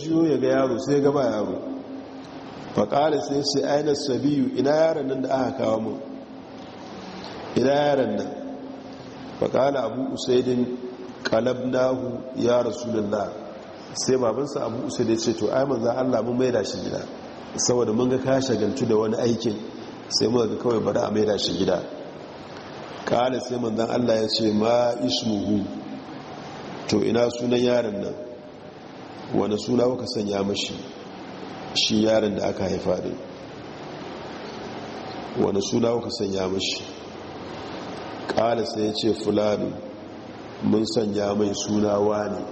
jiyo ya ga yaro sai gaba yaro faƙari sai shi ainihin sabiyu ina yaran nan da aka kawo mu ina yaran nan faƙari abu usaidin nahu ya rasu lalla sai babansa abu usaidin ce to ai manzan allah mun maida shi gida saboda mun ga kashe gantu da wani aikin sai mun ga kawai bari a maida shi gida ƙari sai manzan allah ya ce ma ishmuhu to ina sunan yaran nan wani suna kuka sanya mashi shi yaron da aka haifa din wani suna kuka sanya mashi ƙala sai ya ce fulani mun sanya mai suna wani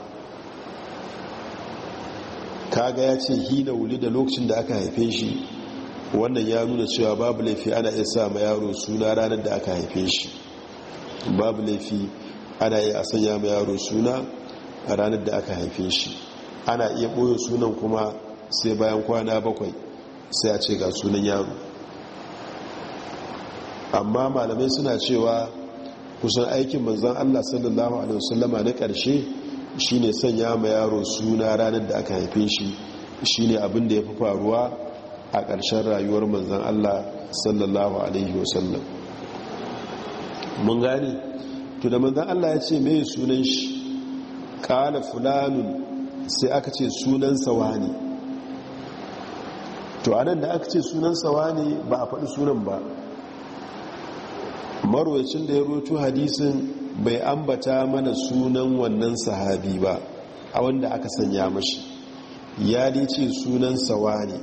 kaga ya ce hina wuli da lokacin da aka haife shi wannan ya nuna cewa babu laifi ana iya sa ma yaro suna ranar da aka haife shi babu laifi ana iya sanya ma yaro suna a ranar da aka haife shi ana iya ɓoye sunan kuma sai bayan kwana bakwai sai a ce ga sunan yaro amma malamai suna cewa kusan aikin manzan allah sallallahu alaihi wasallama na ƙarshe shine sanya ma yaro suna ranar da aka haife shi shine abin da ya fi faruwa a ƙarshen rayuwar manzan allah sallallahu alaihi wasallam mun gane to da manzan allah ya ce mai sunan shi ƙala fulanun sai aka ce sunansa ne to anan da aka ce sunansa wane ba a faɗi sunan ba marwacin da ya roto hadisin bai ambata mana sunan wannan sahabi ba a wanda aka sanya mashi ya dai ce sunansa ne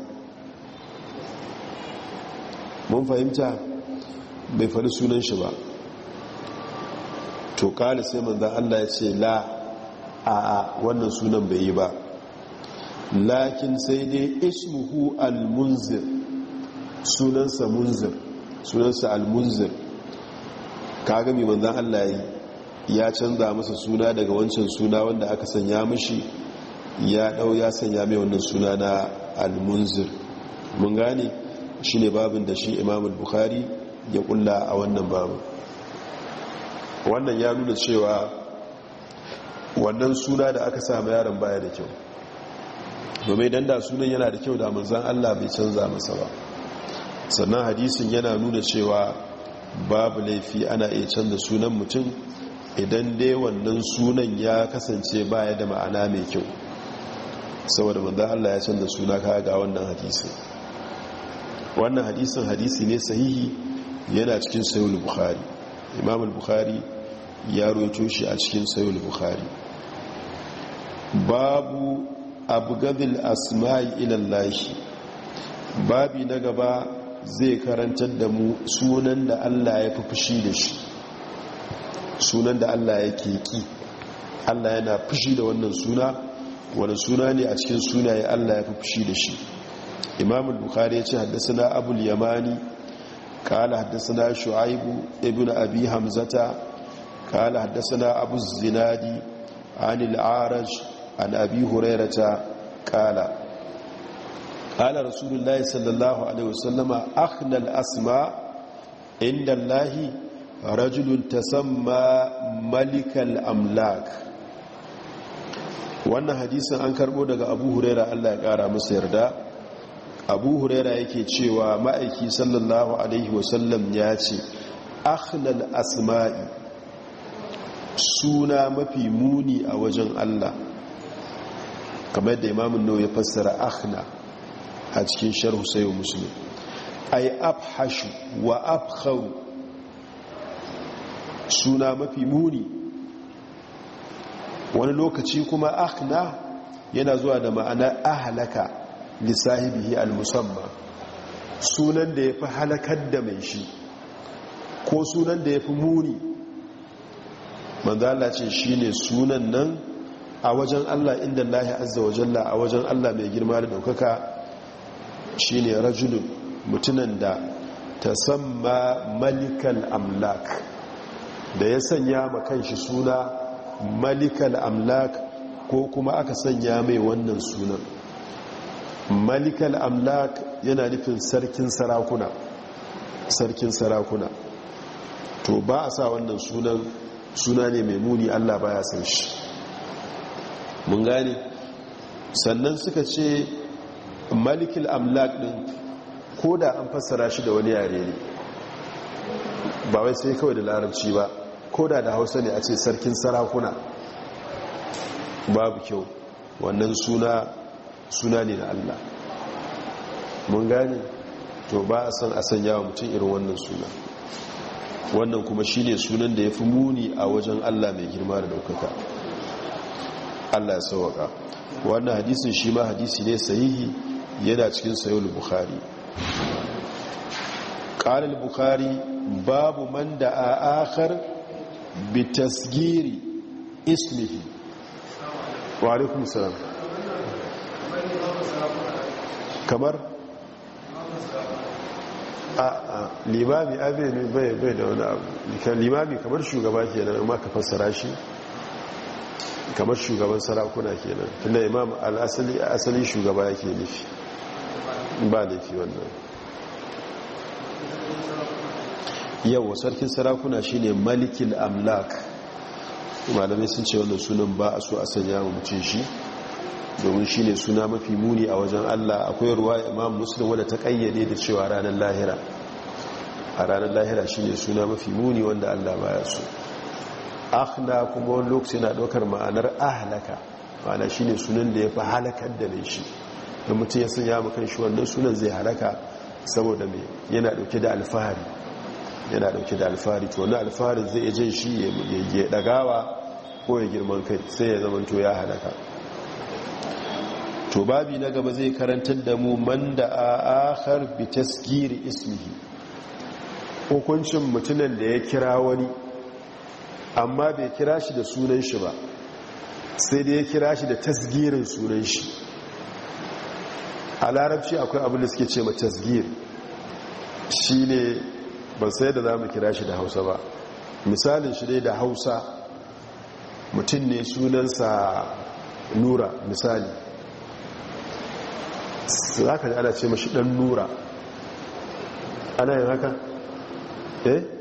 mun fahimta bai faɗi sunan shi ba to kala sai manzan allah ya ce la a'a wannan sunan bai yi ba lakin sai dai ismuhu al-munzir sunansa munzir sunansa al-munzir kaga mai manzan Allah ya canza masa suna daga wancan suna wanda aka sanya mishi ya dau ya sanya mai wannan suna na al-munzir mun gane shine babin da shi Imam Bukhari ya kulla a wannan babu wannan ya nuna cewa wannan suna da aka sami yaron baya da kyau domin idan da sunan yana da kyau da manzan Allah bai canza masa ba sannan hadisin yana nuna cewa babu laifi ana iya canza sunan mutum idan dai wannan sunan ya kasance baya da ma'ana mai kyau saboda manzan Allah ya canza suna kaya ga wannan hadisin wannan hadisin hadisi ne sahihi yana cikin da bukhari imam al-bukhari ya roto shi a cikin da bukhari babu abgadil asma'i ilallahi babi na gaba zai karantar da mu sunan da Allah ya fi fushi da shi sunan da Allah ya ke ki Allah yana fushi da wannan suna wani suna ne a cikin sunaye Allah ya fi fushi da shi imam bukhari ya ce haddasa na abul yamani na Shu'aibu Ibn ابن Hamzata, همزة haddasa na abu zinadi anil arash an abi ta kala kala rasulullahi sallallahu alaihi wasallama akhnal asma inda allahi rajulun tasamma malikal amlak wannan hadisin an karbo daga abu huraira allah ya kara masa yarda abu huraira yake cewa ma'aiki sallallahu alaihi wasallam ya ce akhnal asma'i suna mafi muni a wajen allah kamar yadda imamun nau ya fassara akhna a cikin sharhu sayo musulun ai abhashu wa abharu suna mafi muni wani lokaci kuma akhna yana zuwa da ma'ana ahalaka lissahibihi al-musamman sunan da ya fi halakar da mai shi ko sunan da ya fi muni manzala ce shi ne sunan nan a wajen Allah inda lahi azza wa jalla a wajen Allah mai girma da daukaka shi ne rajulun mutunan da ta samma malikal amlak da ya sanya ma kan shi suna malikal amlak ko kuma aka sanya mai wannan sunan malikal amlak yana nufin sarkin sarakuna sarkin sarakuna to ba a sa wannan sunan suna ne mai muni Allah baya san shi mun gane sannan suka ce malikil amlak din ko da an fassara shi da wani yare ne ba wai sai kawai da larabci ba ko da da hausa ne a ce sarkin sarakuna babu kyau wannan suna suna ne na allah mun gane to ba a san a sanya wa mutum irin wannan suna wannan kuma shine sunan da ya fi muni a wajen allah mai girma da daukaka Allah ya sauwaka wannan hadisin shi ma hadisi ne sahihi yana cikin sayul bukhari قال البخاري باب من ismihi. Wa بتسجير اسمه وعليكم Kamar? a limami abin bai bai da wani abu limami kamar shugaba ke nan ma ka fassara shi kamar shugaban sarakuna kenan tunda imam al asali shugaba yake nufi ba nufi wannan Yau sarkin sarakuna shine Malikil amlak malamai sun ce wannan sunan ba a so a sanya wa mutum shi domin shi ne suna mafi muni a wajen allah akwai ruwa imam muslim wadda ta kayyade da cewa ranar lahira a ranar lahira shi ne suna mafi muni wanda allah baya so akhna kuma wani lokaci na ɗaukar ma'anar ahalaka ma'ana shi ne sunan da ya fi halakar da mai shi da mutum ya ya makan shi wannan sunan zai halaka saboda mai yana ɗauke da alfahari yana ɗauke da alfahari to wani alfahari zai iya jin shi ya ɗagawa ko ya girman kai sai ya zama to ya halaka to babi na gaba zai karantar da mu man da a akhar bi tasgiri ismihi hukuncin mutumin da ya kira wani amma bai kira shi da sunan shi ba sai dai ya kira shi da tasgirin sunan shi a larabci akwai abin da suke ce ma tasgir shi ne ba sai da za mu kira shi da hausa ba misalin shi ne da hausa mutum ne sunansa nura misali za ka ji ana ce mashi dan nura ana yin haka eh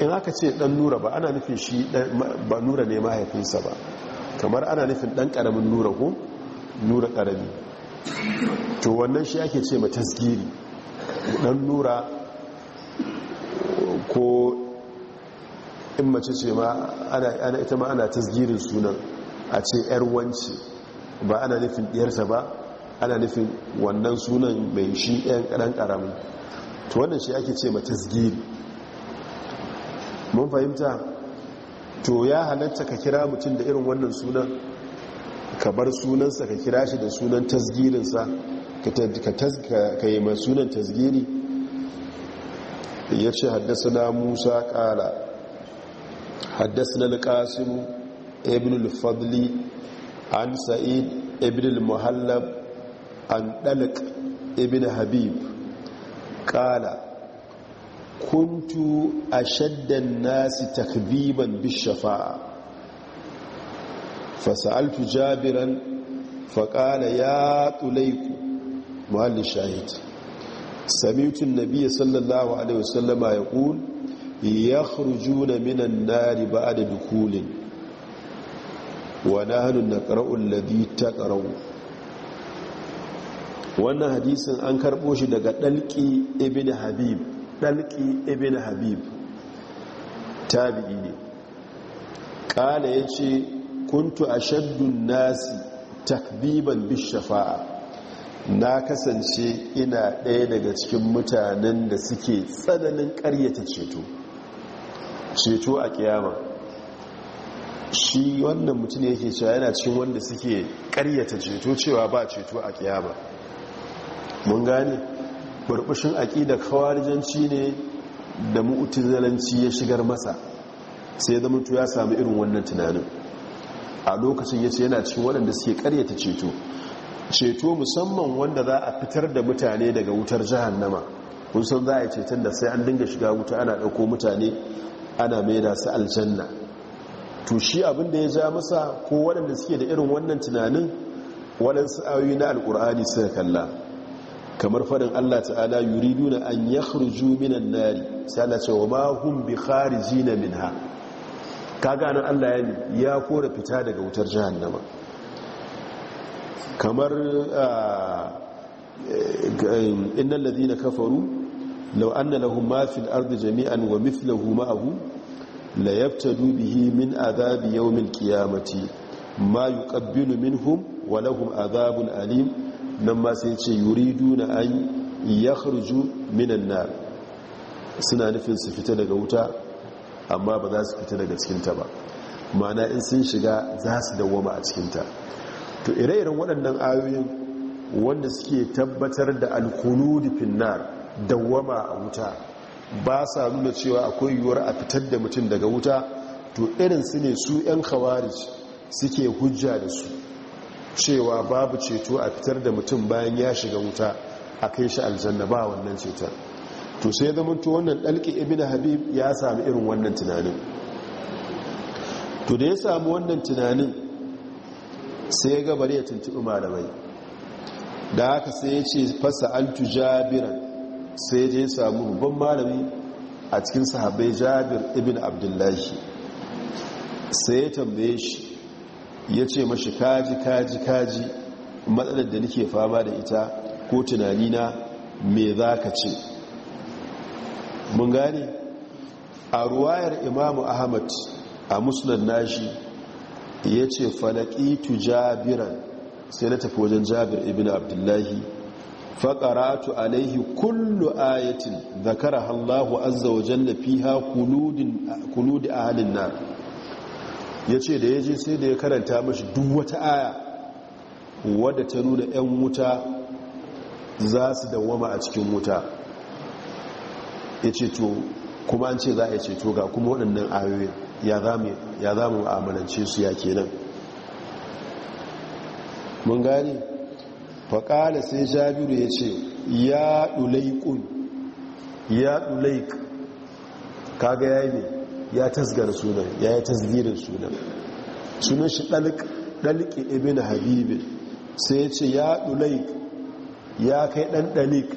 in aka ce dan nura ba ana nufin shi ba nura ne mahaifinsa ba kamar ana nufin dan karamin nura ko nura karami to wannan shi ake ce ma tasgiri dan nura ko in mace ce ma ana ita ma ana tasgirin sunan a ce yar wance ba ana nufin diyarsa ba ana nufin wannan sunan mai shi yan karamin to wannan shi ake ce ma tasgiri mun fahimta to ya halatta ka kira mutum da irin wannan sunan ka bar sunansa ka kira shi da sunan tasgirinsa ka yi mai sunan tasgiri ya ce haddasa na musa kala haddasa na alkasimu ibn al-fadli an sa'id ibn muhallab an dalik ibn habib kala kuntu a shaddan nasi takbiban bishafa'a fasa'altu jabiran faƙala ya tulaiku muhalli shahid samitun nabiya sallallahu alaihi wasallama ya ƙul ya na minan nari ba da dukulin wani na hannun na ƙar'un ladi ta ƙar'un wannan hadisin an karɓo shi daga ɗalƙi ibn habib dalki ibn habib tabi'i ne kala ya ce kuntu a shaddun nasi takbiban bishafa'a na kasance ina ɗaya daga cikin mutanen da suke tsananin ƙaryata ceto ceto a kiyama shi wannan mutum yake cewa yana cikin wanda suke ƙaryata ceto cewa ba ceto a kiyama mun gane burbushin aƙidar kawarijanci ne da mu'tazilanci ya shigar masa sai ya zama ya samu irin wannan tunanin a lokacin yace yana cikin waɗanda suke karyata ceto ceto musamman wanda za a fitar da mutane daga wutar jahannama kun san za a yi ceton da sai an dinga shiga wuta ana ɗauko mutane ana maida su aljanna to shi abin da ya ja masa ko waɗanda suke da irin wannan tunanin waɗansu ayoyi na alƙur'ani suka kalla kamar fadin Allah ta'ala yuriduna an yakhruju minan nari sai Allah wa ma hum khariji na minha kaga nan Allah ya ya fita daga wutar nama, kamar ah, eh, eh, innal ladina kafaru law anna lahum ma fil jami'an wa mithluhu ma'ahu la yabtadu bihi min azabi yawmil qiyamati ma yuqabbilu minhum wa lahum azabun alim nan ma sai ce yuridu na an ya harju minan na suna nufin su fita daga wuta amma ba za su fita daga cikinta ba mana in sun shiga za su dawoma a cikinta to ire-iren waɗannan ayoyin wanda suke tabbatar da alkuludi finnar dawama a wuta ba sa nuna cewa akwai yiwuwar a fitar da mutum daga wuta to irin su ne su 'yan khawarij suke hujja da su cewa babu ceto a fitar da mutum bayan ya shiga wuta a kai shi aljanna ba wannan cetar to sai zama to wannan dalki ibn habib ya sami irin wannan tunanin to da ya sami wannan tunanin sai ya gabar ya tuntuɓi malamai da haka sai ya ce fasa altu jabiran sai ya je ya samu rubban malami a cikin sahabai jabir ibn abdullahi sai ya tambaye shi ya ce mashi kaji kaji kaji matsalar da nake fama da ita ko tunanina me za ka ce mun gane a ruwayar imamu ahmad a Musulun nashi ya ce falakitu jabiran sai na tafi wajen jabir ibn abdullahi faƙaratu alaihi kullu ayatin zakara allahu azza wa jalla fiha kuludi ahalin nan." ya ce da ya je sai da ya karanta mashi duk wata aya wadda ta nuna 'yan wuta za su dawama a cikin wuta ya ce to kuma an ce za a ceto ga kuma waɗannan ayoyin ya za mu amalance su ya kenan mun gani faƙala sai jabiru ya ce ya ɗulaikun ya ɗulaik kaga ya yi ne ya tasgara sunan ya yi tasgirin sunan sunan shi ɗalƙi ibn habibin sai ya ce ya ɗulaik ya kai ɗan ɗalik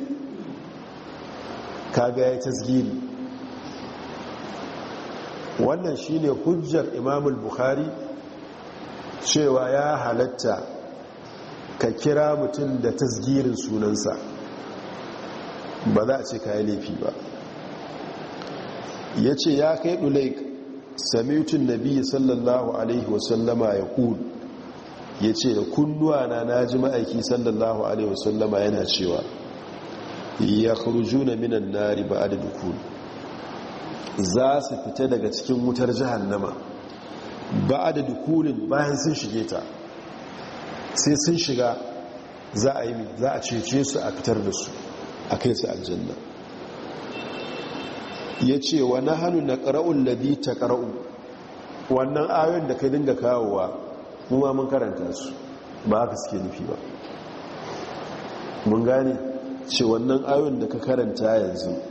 kaga ya yi tasgiri wannan shi ne hujjar imamul bukhari cewa ya halatta ka kira mutum da tasgirin sunansa ba za a ce ka yi laifi ba ya ce ya kai ɗulaik samitun nabi sallallahu alaihi wasallama ya kul ya ce da kunnuwa na ji ma'aiki sallallahu alaihi wasallama yana cewa ya kurju na minan nari ba da dukun za su fita daga cikin wutar jihannama ba da dukunin bayan sun shige ta sai sun shiga za a yi za a cece su a fitar da su a kai su aljanna ya ce wa na hannu na ƙara'un ladi ta ƙaraun, wannan ayon da kai dinga kawowa ma mun karanta su ba haka suke nufi ba mun gane ce wannan ayon da ka karanta yanzu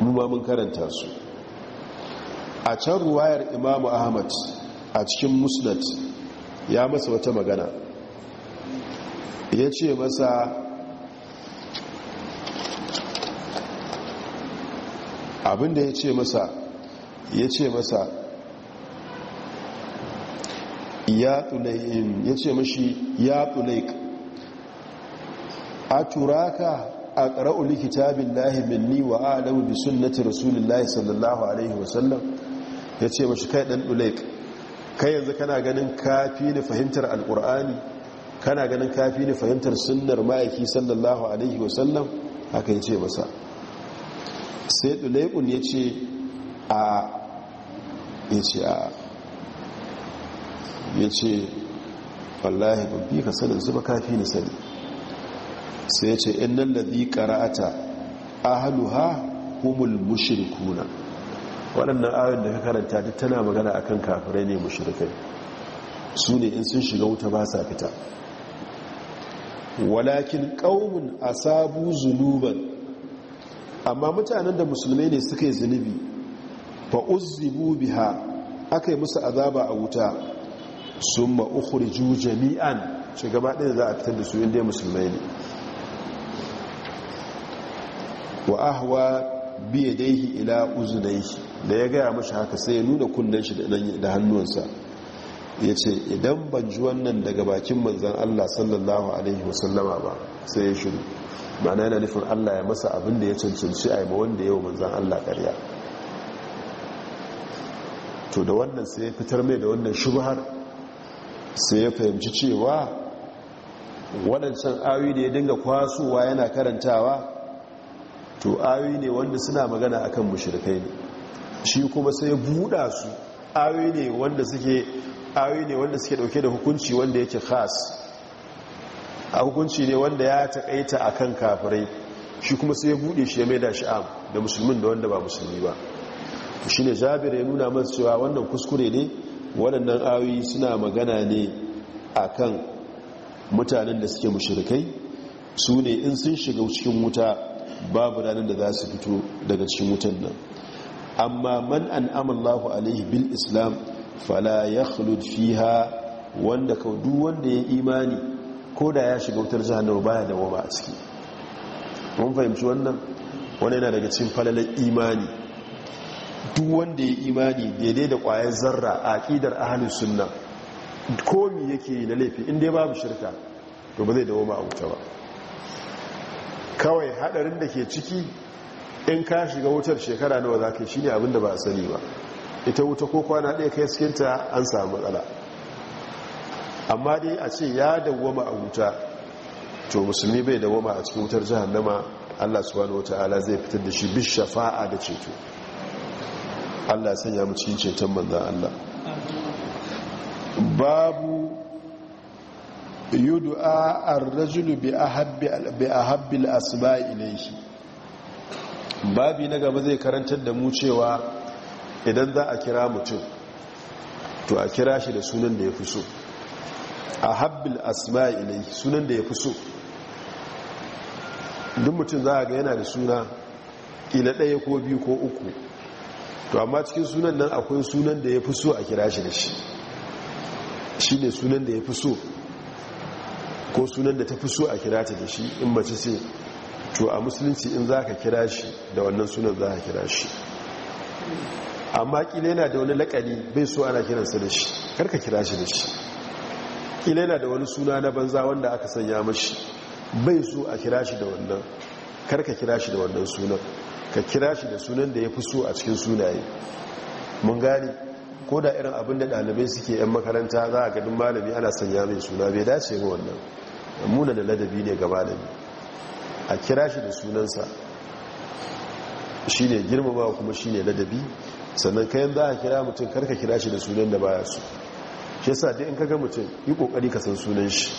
ma mun karanta su a can ruwayar imamu ahmad a cikin musnad ya masa wata magana ya ce masa abinda ya ce masa ya ce masa ya tulayin ya ce mashi ya tulaik a turaka a ƙara'u likitabin Ni wa alamu bi sunnati rasulullahi sallallahu alaihi wasallam ya ce mashi kai ɗan tulaik kai yanzu kana ganin kafi ni fahimtar alƙur'ani kana ganin kafi ni fahimtar sunnar ma'aiki sallallahu alaihi wasallam haka ya ce masa sai ɗulaikun ya ce a ya ce a ya ce wallahi babbi ka sanin zuba kafi ni sani sai ya ce in nan da zikara'ata ha humul mushrikuna waɗannan ayon da ka karanta duk tana magana akan kafirai ne mushirkai su ne in sun shiga wuta ba sa fita walakin ƙaunin asabu zunuban amma mutanen da musulmai ne suka yi zunubi ba uzzibu biha aka yi musu azaba a wuta sun ju jami'an gaba ɗaya za a fitar da su dai musulmai ne wa ahwa biya daihi ila daihi da ya gaya mashi haka sai ya nuna kunnen shi da hannuwansa ya ce idan ban ji wannan daga bakin manzan allah sallallahu alaihi wasallama ba sai ya shiru mana yana nufin allah ya masa abin da ya cancanci a yi wanda yau manzan allah karya to da wannan sai ya fitar mai da wannan shubhar sai ya fahimci cewa waɗancan awi da ya dinga kwasuwa yana karantawa to awi ne wanda suna magana akan mushrikai ne shi kuma sai ya buɗa su awi ne wanda suke awi ɗauke da hukunci wanda yake khas a hukunci ne wanda ya taƙaita a kan kafirai shi kuma sai ya buɗe shi ya mai da sha'am da musulmin da wanda ba musulmi ba shi ne jabir ya nuna masu cewa wannan kuskure ne waɗannan awi suna magana ne a kan mutanen da suke mushirikai su ne in sun shiga cikin wuta babu ranar da za su fito daga cikin wutan nan amma man an amallahu alaihi bil islam fala ya fiha wanda kau duk wanda ya imani ko da ya shiga wutar jihar jihannama baya da wama a ciki mun fahimci wannan wani yana daga cikin falalar imani duk wanda ya imani daidai da kwayar zarra a aƙidar ahalin sunna komi yake yi na laifi inda ya babu shirka to ba zai dawo ma a wuta ba kawai hadarin da ke ciki in ka shiga wutar shekara nawa za ka yi shi ne abinda ba a sani ba ita wuta ko kwana ɗaya kai cikinta an samu matsala amma dai a ce ya dawoma a wuta to musulmi bai dawoma a cikin wutar jahannama Allah subhanahu wataala zai fitar da shi bi shafa'a da ceto Allah sanya mu cikin ceton manzon Allah babu yud'a ar-rajulu bi ahabbi bi ahabbi al shi. ilayhi babi na gaba zai karantar da mu cewa idan za a kira mutum to a kira shi da sunan da ya fi so a habbil asma ilai sunan da ya fi so duk mutum za a ga yana da suna kila ɗaya ko biyu ko uku to amma cikin sunan nan akwai sunan da ya fi so a kira shi da shi shi ne sunan da ya fi so ko sunan da ta fi so a kira ta da shi in mace ce to a musulunci in za ka kira shi da wannan sunan za ka kira shi amma kila yana da wani laƙani bai so ana kiransa da shi 'Kar ka kira shi da shi kila yana da wani suna na banza wanda aka sanya mashi bai so a kira shi da wannan karka kira shi da wannan sunan ka kira shi da sunan da ya fi so a cikin sunaye mun gane ko da irin abin da ɗalibai suke 'yan makaranta za a gadin malami ana sanya mai suna bai dace ga wannan muna da ladabi ne ga malami a kira shi da sunansa shi ne girmama kuma shi ne ladabi sannan kayan za a kira mutum karka kira shi da sunan da baya su shi yasa dai in ka ga mutum yi kokari ka san sunan shi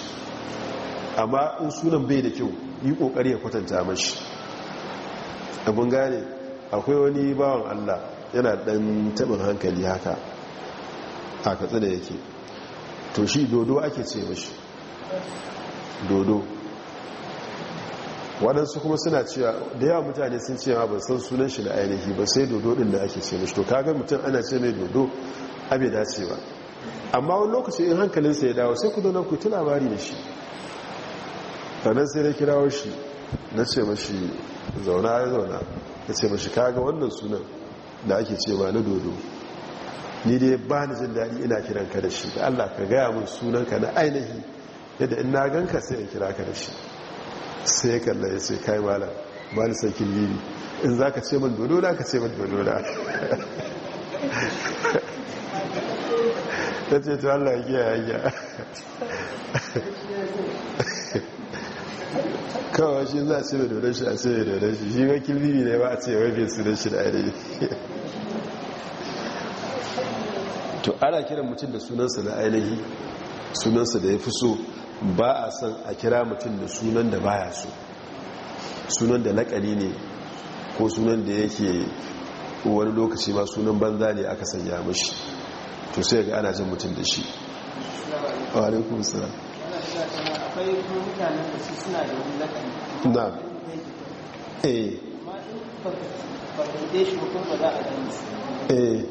amma in sunan bai da kyau yi kokari ya kwatanta mashi abun gane akwai wani bawan Allah yana dan tabin hankali haka a katsa da yake to shi dodo ake ce mashi dodo waɗansu kuma suna cewa da yawa mutane sun ce ma ah, ban san sunan shi da ainihi ba sai dodo ɗin da ake ce mashi to kaga mutum ana ce mai dodo bai dace ba amma wani lokaci in hankalinsa ya dawo sai ku zauna ku ta labari da shi sannan sai na kirawo shi na ce mashi zauna ya zauna ya ce mashi kaga wannan sunan da ake cewa na dodo ni dai ba ni jin daɗi ina kiran ka da shi da allah ka gaya min ka na ainihi yadda in na ganka sai in kira ka da shi sai kalla ya ce kai mala ba ni sarkin in za ka ce min dodo na ka ce min dodo na ta ce ta Allah ya kiyaye ya kawai shi za a ce da dodon a ce da dodon shi shi wakil bibi ne ba a ce wai su da shi da ainihi to ana kiran mutum da sunansa na ainihi sunansa da ya fi so ba a san a kira mutum da sunan da baya so sunan da nakali ne ko sunan da yake wani lokaci ma sunan banza ne aka sanya mashi to sai ga ana jin mutum da shi alaikun sura na eh. eh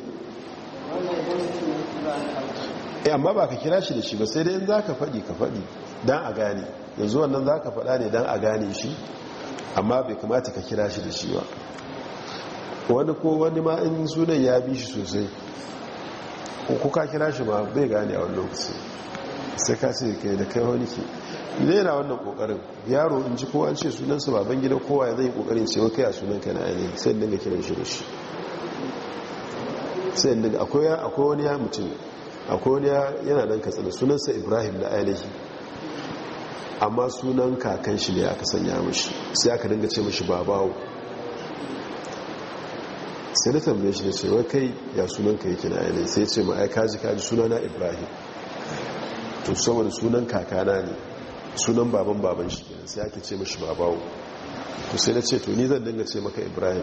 eh amma ba ka kira shi da shi ba sai dai za ka faɗi ka faɗi don a gane yanzu wannan za ka faɗa ne don a gane shi amma bai kamata ka kira shi da shi ba wani ko wani ma in sunan ya bi shi sosai ko kuka kira shi ba bai gane a wani lokaci sai ka ce kai da kai wani ke yana wannan kokarin yaro in ji kowa an ce sunansa baban gida kowa ya zai yi kokarin cewa kai a sunan ka na ainihi sai dinga kiran shi da shi sai dinga akwai wani ya mutum akwai wani yana nan katsina sunansa ibrahim na ainihi amma sunan kakan shi ne aka sanya mashi sai aka dinga ce mashi babawo sai na tambaye shi da ce kai ya sunanka yake na ainihin sai ce ma aika ji kaji sunana ibrahim to saman sunan kakana ne sunan baban baban shi ne sai ake ce mashi babawo to sai na ce to ni zan dinga ce maka ibrahim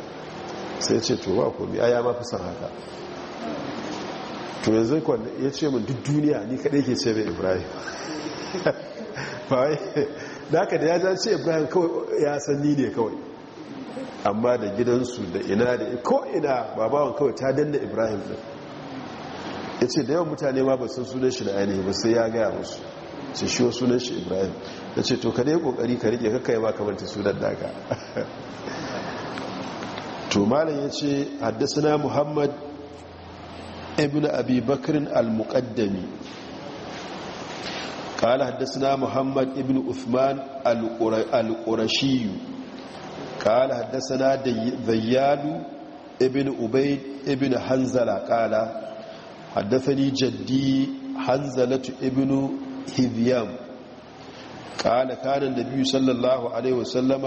sai ce to ba komi aya ma fi san haka to yanzu kwanne ya ce min duk duniya ni kaɗai ke ce mai ibrahim ba wai da aka da ya ce ibrahim kawai ya san ni ne kawai amma da gidansu da ina da ko ina babawan kawai ta danna ibrahim ɗin ya ce da yawan mutane ma basu san sunan shi da ainihi ba sai ya gaya musu ce shi wa sunan shi ibrahim ya ce to ka kokari ka rike kakka ya ba kamar ta sunan daga to malam ya ce haddasa muhammad ibn abi bakirin al-muqaddami قال حدثنا محمد ابن عثمان القرشي قال حدثنا ذياد ابن عبيد ابن حنزله قال حدثني جدي حنزله ابن هذيام قال كان النبي صلى الله عليه وسلم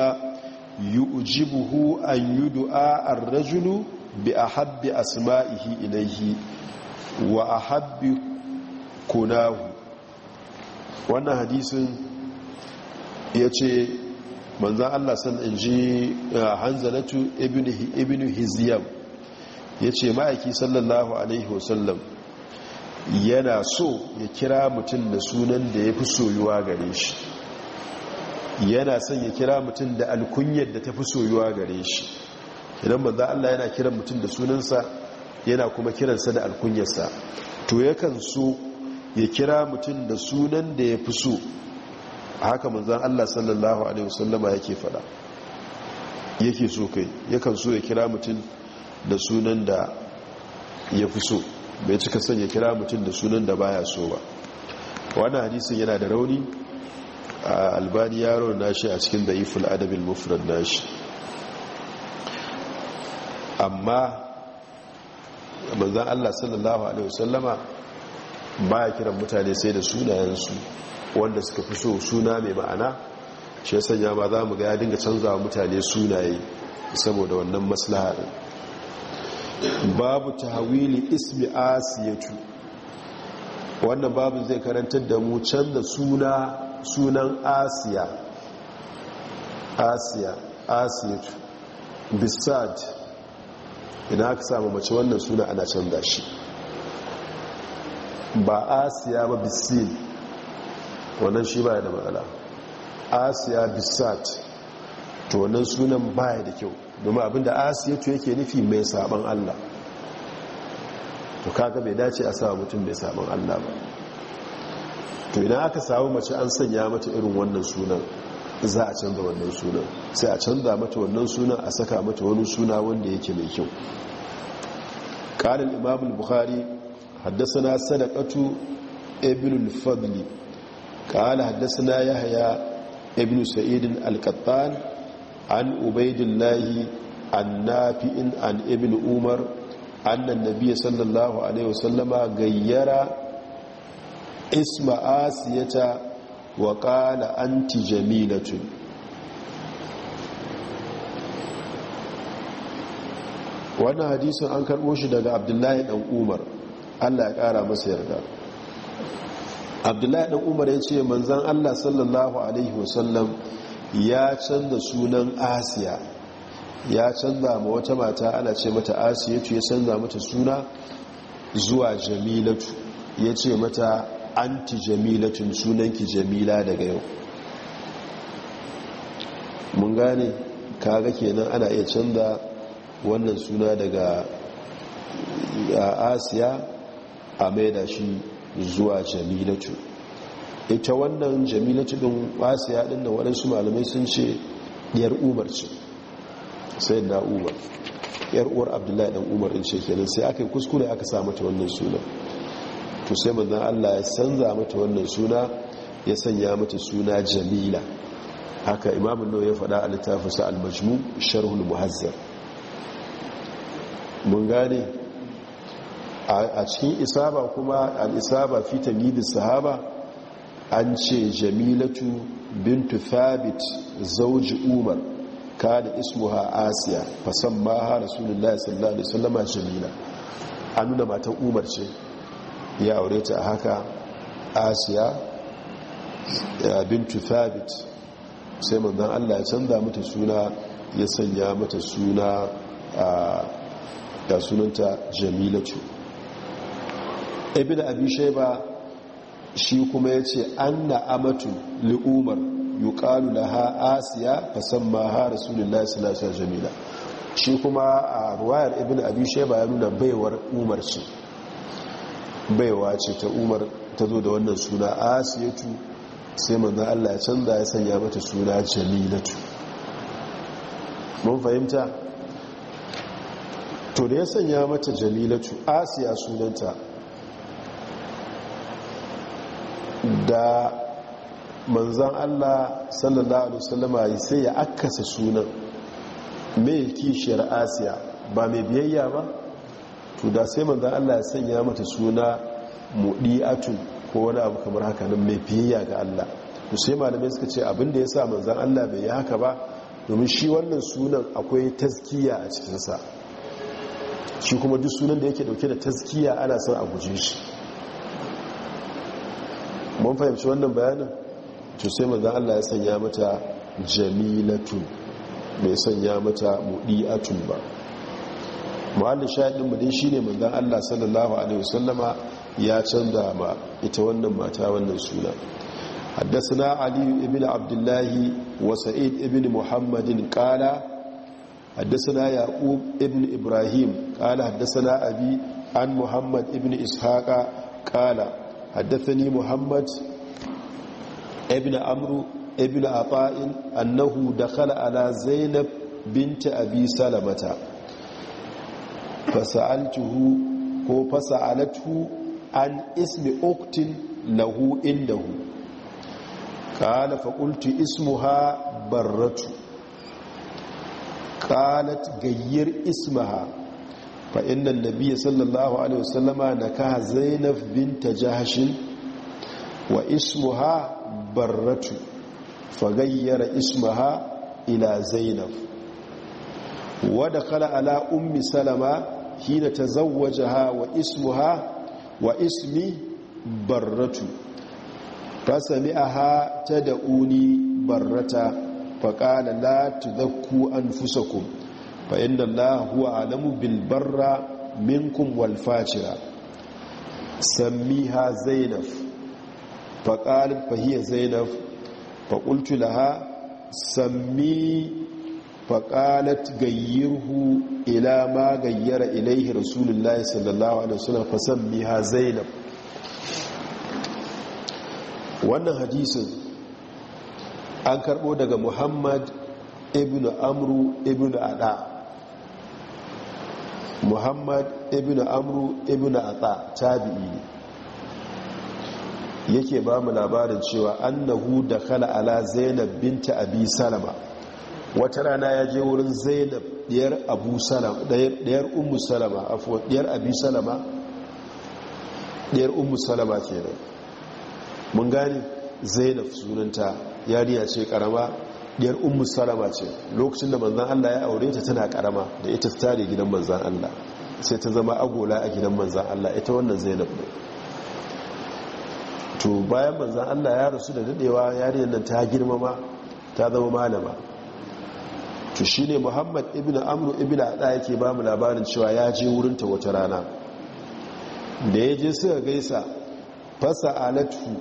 يؤجبه ان يدعى الرجل باحب أسمائه اليه واحب كناه wannan hadisin ya ce manzan allah san in ji uh, hanzalatu ibn hiziyam ya ce ma'aiki sallallahu alaihi wasallam yana so ya kira mutum da sunan da ya fi soyuwa gare shi yana son ya kira mutum da alkunyar da ta fi soyuwa gare shi idan manzan allah yana kiran mutum da sunansa yana kuma kiransa da alkunyarsa to yakan so ya kira mutum da sunan da ya fi so haka manzan Allah sallallahu alaihi wasallama yake fada yake so kai yakan so ya kira mutum da sunan da ya fi so bai cika son ya kira mutum da sunan da baya so ba wannan hadisin yana da rauni a albani yaro nashi a cikin da'iful adabil mufrad nashi amma manzan Allah sallallahu alaihi wasallama baya kiran mutane sai da sunayensu wanda suka fi so suna mai ma'ana shi ya sanya ba za mu ga ya dinga canza mutane sunaye saboda wannan maslaha babu tahawili ismi asiyatu wannan babu zai karantar da mu canza suna sunan asiya asiya asiyatu bisad ina aka samu mace wannan suna ana canza shi ba asiya ba bisil wannan shi baya da matsala asiya bisat to wannan sunan baya da kyau domin abinda asiya to yake nufi mai saban allah to kaga bai dace a sa mutum mai saban allah ba to idan aka samu mace an sanya mata irin wannan sunan za a canza wannan sunan sai a canza mata wannan sunan a saka mata wani suna wanda yake mai kyau قال Bukhari Haddasa na sadakatu ابن الفضل قال حدثنا يحيى ابن سعيد القطان عن عبيد الله النافع عن ابن عمر أن النبي صلى الله عليه وسلم غير اسم آسية وقال أنت جميلة wannan hadisun an karɓo shi daga abdullahi ɗan umar allah ya ƙara masa yarda abdullahi dan umar ya ce manzan allah sallallahu alaihi wasallam ya canza sunan asiya ya canza ma wata mata ana ce mata asiya ya canza mata suna zuwa jamilatu ya ce mata anti jamilatun sunanki jamila daga yau mun gane kaga kenan ana iya canza wannan suna daga asiya a maida shi zuwa jamilatu ita wannan jamilatu din wasu yaɗin da waɗansu malamai sun ce ɗiyar umar ce sai na umar yar uwar abdullahi dan umar in ce nan, sai aka yi kuskure aka sa mata wannan suna to sai manzon Allah ya sanza mata wannan suna ya sanya mata suna jamila haka imamun nau ya faɗa a littafinsa al-majmu Sharhul muhazzab mun gane a cikin isaba kuma al'isaba fi talibin sahaba an ce jamilatu bintu thabit zauji umar ka kada ismuha asiya fasan ma ha rasulullah sallallahu alaihi wasallama jamila an nuna matan umar ce ya aure ta haka asiya bintu thabit sai manzan allah ya canza mata suna ya sanya mata suna a sunanta jamilatu ibn abi shayba shi kuma yace anna amatu li umar yuqalu laha asiya ha rasulullahi sallallahu alaihi wasallam jamila shi kuma a ruwayar ibn abi shayba ya nuna baiwar umar ce baiwa ce ta umar ta zo da wannan suna asiyatu sai manzan allah ya canza ya sanya mata suna jamilatu mun fahimta to da ya sanya mata jamilatu asiya sunanta da manzan allah sallallahu alaihi wasallama sai ya akasa sunan mai kishiyar asiya ba mai biyayya ba to da sai manzan allah ya sanya mata suna mudi'atu ko wani abu kamar haka nan mai biyayya ga allah to sai malamai suka ce abinda ya sa manzan allah bai yi haka ba domin shi wannan sunan akwai taskiya a cikinsa shi kuma duk sunan da yake dauke da taskiya ana son a guje shi mun fahimci wannan bayanin to sai manzan Allah ya sanya mata jamilatu bai sanya mata mudi'atu ba muhallin shahidin mu dai shine manzan Allah sallallahu alaihi wasallama ya canza ma ita wannan mata wannan suna حدثنا علي ibn abdullahi الله وسعيد بن محمد قال حدثنا يعقوب بن إبراهيم قال حدثنا أبي عن محمد بن إسحاق قال حدثني محمد ابن عمرو ابن عطاء أنه دخل على زينب بنت أبي سلمة فسألته هو فسألته عن اسم أقت له إنه قال فقلت اسمها برته قالت غير اسمها fainnan inna biya sallallahu alaihi wasallama nakaha zainab binta jahashin wa ismuha barratu fagayyara ismaha ila zainab wadda kala ala ummi salama hina ta zawaja ha wa ismuha wa ismi barratu ta sami a ha ta da'uni barrata faƙala la tuzakku an fusakun fa inda Allah huwa alamu bil barra minkum wal fajira sammiha zainab fa qalat fa hiya zainab fa qultu laha sammi fa gayyirhu ila ma gayyara ilayhi rasulullahi sallallahu alaihi wasallam fa sammiha zainab wannan hadisin an karɓo daga muhammad ibn amru ibn ada muhammad ibn amru ibn atsa tabi'i ne yake ba mu labarin cewa annahu da kala ala zainab binta abi salama wata rana ya je wurin zainab diyar abu salama diyar ummu salama afwa diyar abi salama diyar ummu salama kenan mun gani zainab sunanta yariya ce karama diyar ummu salama ce lokacin da manzan allah ya aure ta tana karama da ita tare gidan manzan allah sai ta zama agola a gidan manzan allah ita wannan zainab ne to bayan manzan allah ya rasu da dadewa yariyar nan ta girmama ta zama malama to shi ne muhammad ibn amru ibn aɗa yake ba mu labarin cewa ya je wurin ta wata rana da ya je suka gaisa fasa alatu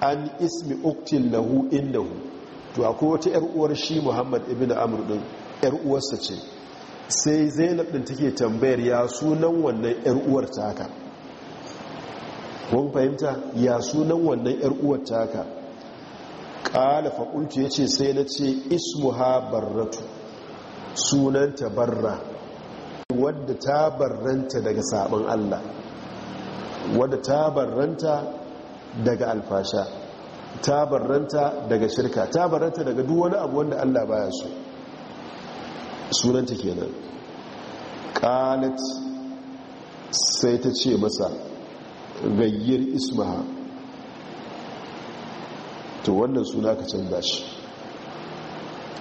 an ismi uktin lahu indahu to akwai wata yar uwar shi muhammad ibn Amur din yar uwarsa ce sai zainab din take tambayar ya sunan wannan yar uwar ta haka kun fahimta ya sunan wannan yar uwar ta haka qala fa ya yace sai na ce ismuha barratu sunanta barra wadda ta barranta daga sabon Allah wadda ta barranta daga alfasha ta daga shirka ta daga duk wani abu wanda Allah baya so sunanta kenan qalat sai ta ce masa gayyar ismaha to wannan suna ka canza shi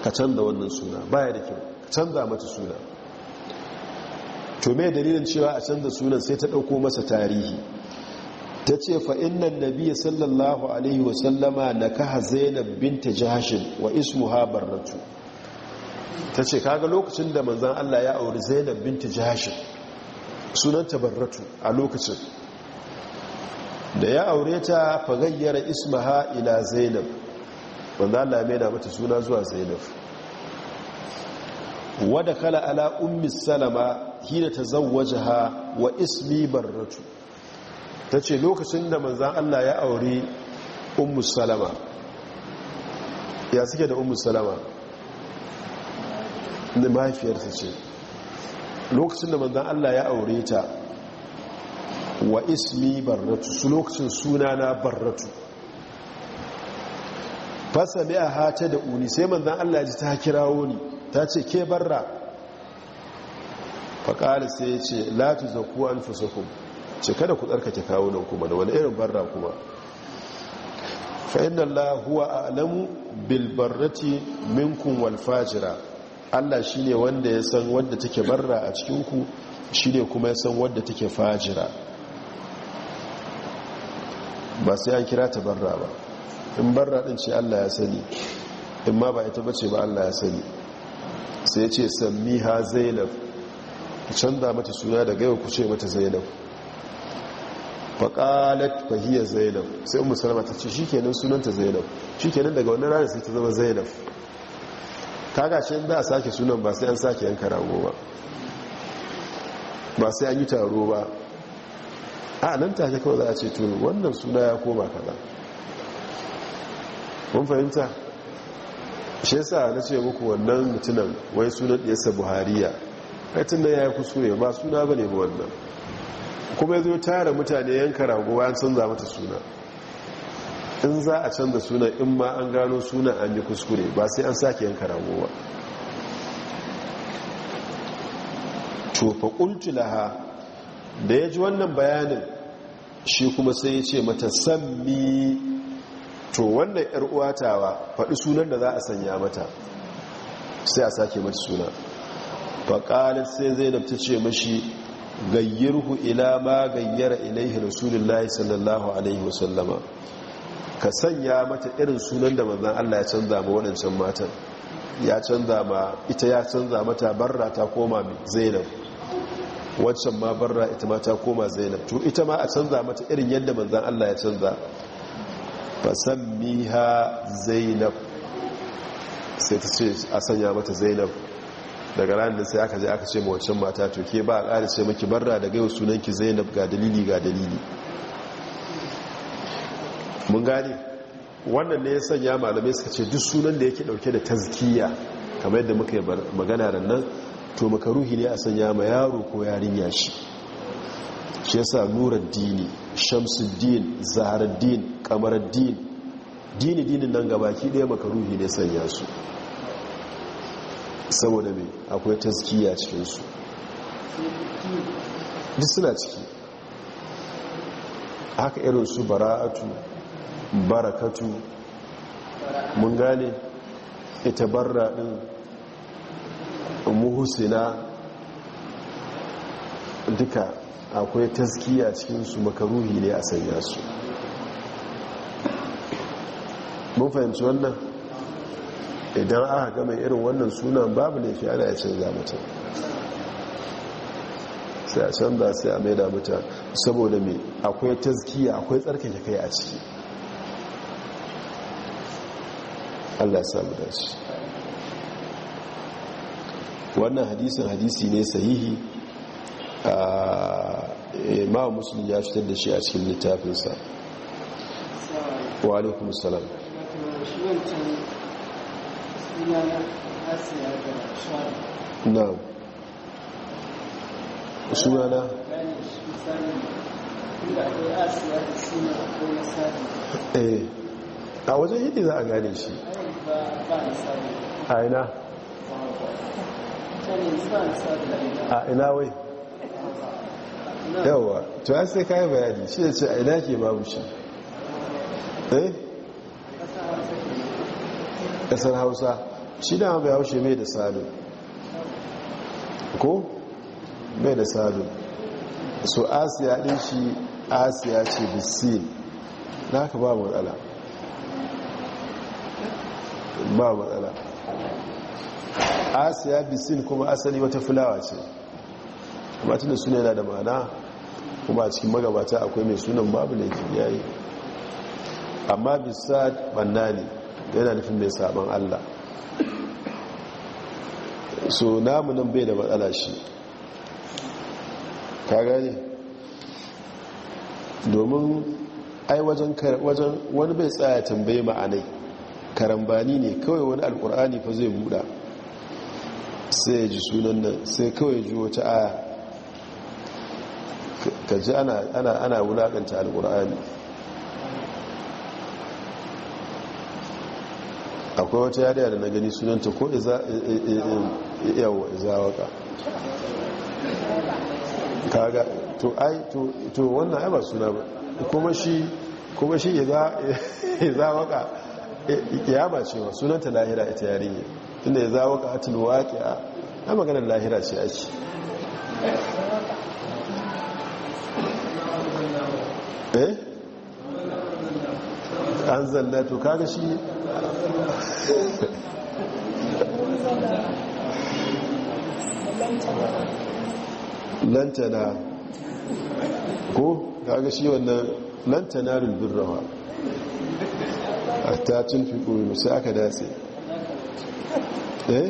ka canza wannan suna baya da kyau ka canza mata suna to me dalilin cewa a canza sunan sai ta ɗauko masa tarihi ta ce fa'innan nabi sallallahu alaihi wasallama na kaha zainab binta jihashin wa ismuha barratu ta ce kaga lokacin da manzan Allah ya auri zainab binta jihashin sunanta barratu a lokacin da ya aure ta fagayyara ismaha ila zainab wanda Allah mai na mata suna zuwa zainab wadda kala ala ummi salama hina ta zawaja ha wa ismi barratu ta ce lokacin da manzan Allah ya auri ummu salama ya suke da ummu salama da mahaifiyarsa ce lokacin da manzan Allah ya aure ta wa ismi barratu su lokacin suna na barratu fasa mai a hata da uni sai manzan Allah ji ta kirawo ni ta ce ke barra faƙalisa sai ya ce latu zakuwa an ce kada ku tsarkake kawo nan kuma da wani irin barra kuma fa'in Allah huwa a'lamu bilbarrati minkun walfajira wal fajira Allah wanda ya san wanda take barra a cikinku, shi ne kuma ya san wanda take fajira ba sai an kira ta barra ba in barra ɗin ce Allah ya sani in ma ba ita ba ce ba Allah ya sani sai ce sami ha zainab ku canza mata suna daga yau ku ce mata zainab faƙalat fahiyya zainab sai Umar salama ta ce shi kenan sunanta zainab shi kenan daga wani rana sai ta zama zainab ta gashe da a sake sunan ba sai an sake yanka rago ba ba sai an yi taro ba a nan ta ke kawai za a ce tuni wannan suna ya koma kaza kun fahimta shi yasa na ce muku wannan mutunan wai sunan ɗiyarsa buhariya kai tun da ya yi kusure ba suna ba ne ba wannan kuma zo tara mutane yanka raguwa an canza mata suna in za a canza suna in ma an gano suna an yi kuskure ba sai an sake yanka raguwa tofa ƙuntulaha da ya ji wannan bayanin shi kuma sai ya ce mata sami to wannan 'yar uwatawa faɗi sunan da za a sanya mata sai a sake mata suna faƙalar sai zainab ta ce mashi gayyirhu ila ma gayyara ilaihi rasulullahi sallallahu alaihi wasallama ka sanya mata irin sunan da manzon Allah ya canza ma wadancan matan ya canza ma ita ya canza mata barra ta koma zainab waccan ma barra ita ma ta koma zainab to ita ma a canza mata irin yadda manzon Allah ya canza fasammiha zainab sai ta ce a sanya mata zainab daga ranar da sai aka je aka ce ma wancan mata toke ba a ƙari sai maki barra daga yau sunanki zainab ga dalili ga dalili mun gane wannan ne ya sanya malamai suka ce duk sunan da yake ɗauke da tazkiya kamar yadda muka yi magana ran nan to makaruhi ne a sanya ma yaro ko yarinya shi shi yasa nuruddin shamsuddin zaharuddin kamaraddin dini dinin nan gabaki ɗaya makaruhi ne sanya su saboda mai akwai taskiya cikinsu duk suna ciki haka irin su bara'atu barakatu mun gane ita barra ɗin muhusina duka akwai taskiya cikinsu makaruhi ne a sanya su mun fahimci wannan idan aka gama irin wannan sunan babu fi ana ya canza mutum sai a canza sai a maida mutum saboda mai akwai taskiya akwai tsarkake kai a ciki allah samu dace wannan hadisin hadisi ne sahihi a ma musulun ya fitar da shi a cikin littafinsa wa alaikumussalam na'am sunana eh, a wajen yadda za a gane shi a ina a ina wai yawa to ya sai kayan bayani shi da ce a ina ke babu shi eh ƙasar hausa shi da bai haushe mai da sadu ko mai da sadu so asiya ɗin shi asiya ce bisin na haka ba matsala ba matsala asiya bisin kuma asali wata fulawa ce amma da suna yana da ma'ana kuma a cikin magabata akwai mai sunan babu laifi yayi amma bisad banna ne yana nufin mai sabon Allah so namu nan bai da matsala shi ka gane domin ai wajen wani bai tsaya tambaye ma'anai karambani ne kawai wani alkur'ani fa zai buɗa sai ya ji sunan nan sai kawai ji wata aya ka ji ana wulaƙanta alkur'ani akwai wata yariya da na gani sunanta ko eh, eh, eh, yawa izawaka kaga to ai to wannan ai ba suna ba kuma shi kuma shi izawaka kiyama ce wa sunanta lahira ita yarinya tunda izawaka atul waqi'a na maganar lahira ce ake eh an zanna to kaga shi lantana ko ga shi wannan lantana rubirrawa a tacin fiko sai aka dace eh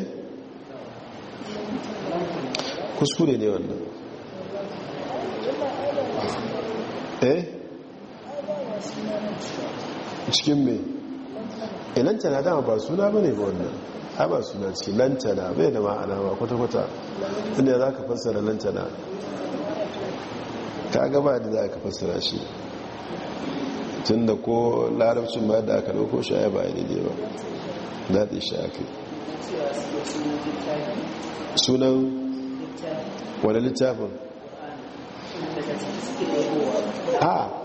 kuskure ne wannan eh cikin mai e lantana dama ba suna bane ba wannan a ba suna ce lantana bai da ma'ana ba kwata-kwata inda za ka fassara lantana ka gaba da za ka fassara shi tun da ko larabcin ba da aka ɗauko shi ba a daidai ba daɗe shi kai sunan wani littafin a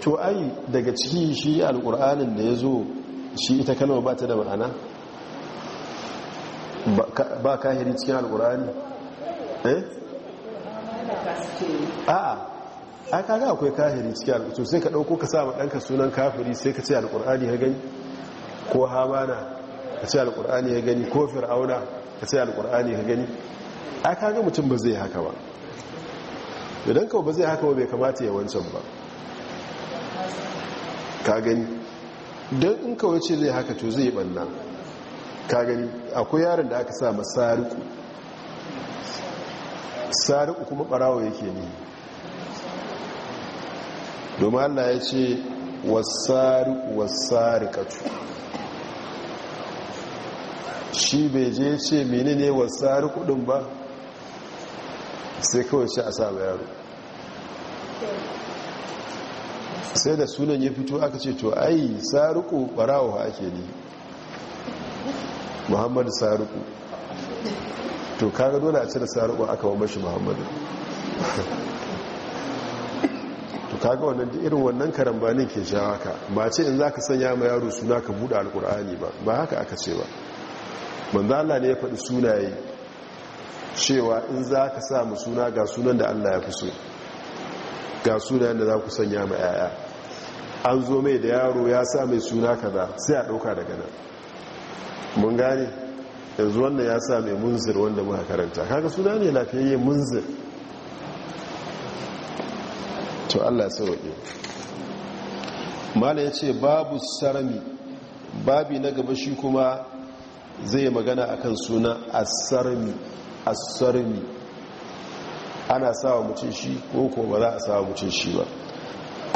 to ai daga ciki shi alkur'anin da ya zo shi ita kalma ba ta da ma'ana ba kahiri cikin alkur'ani eh a'a a kaga akwai kahiri cikin alkur'ani sai ka ɗauko ka sa ɗanka sunan kafiri sai ka ce alkur'ani ya gani ko hamana ka ce alkur'ani ya gani ko fir'auna ka ce alkur'ani ya gani a kaga mutum ba zai haka ba idan kawo ba zai haka ba bai kamata ya wancan ba ka gani don in kawai ce zai haka to zai banna ka gani akwai yaron da aka sa masariku sariku kuma barawa yake ne domin allah ya ce wasariku wasarikatu shi bai je ce menene wasariku din ba sai kawai sai a sa ma yaro sai da sunan ya fito aka ce to ai saruku barawo ake ne muhammadu saruku to kaga dole a cire saruku aka wa mashi muhammadu to kaga wannan irin wannan karambanin ke jawaka, ka ba ce in za ka sanya ma yaro suna ka buɗe alkur'ani ba ba haka aka ce ba manzala ne ya faɗi sunaye cewa in za ka sa mu suna ga sunan da allah ya fi so ga sunayen da za ku sanya ma 'ya'ya an zo mai da yaro ya sa mai suna kaza sai a ɗauka daga nan mun gane yanzu wanda ya sa mai munzir wanda muka karanta kaga suna ne lafiyayyen munzir to allah ya sauwaƙe mala ya ce babu sarami babi na gaba shi kuma zai magana akan suna a sarami asarmi ana sawa mutum shi ko ko ba za a sawa mutum shi ba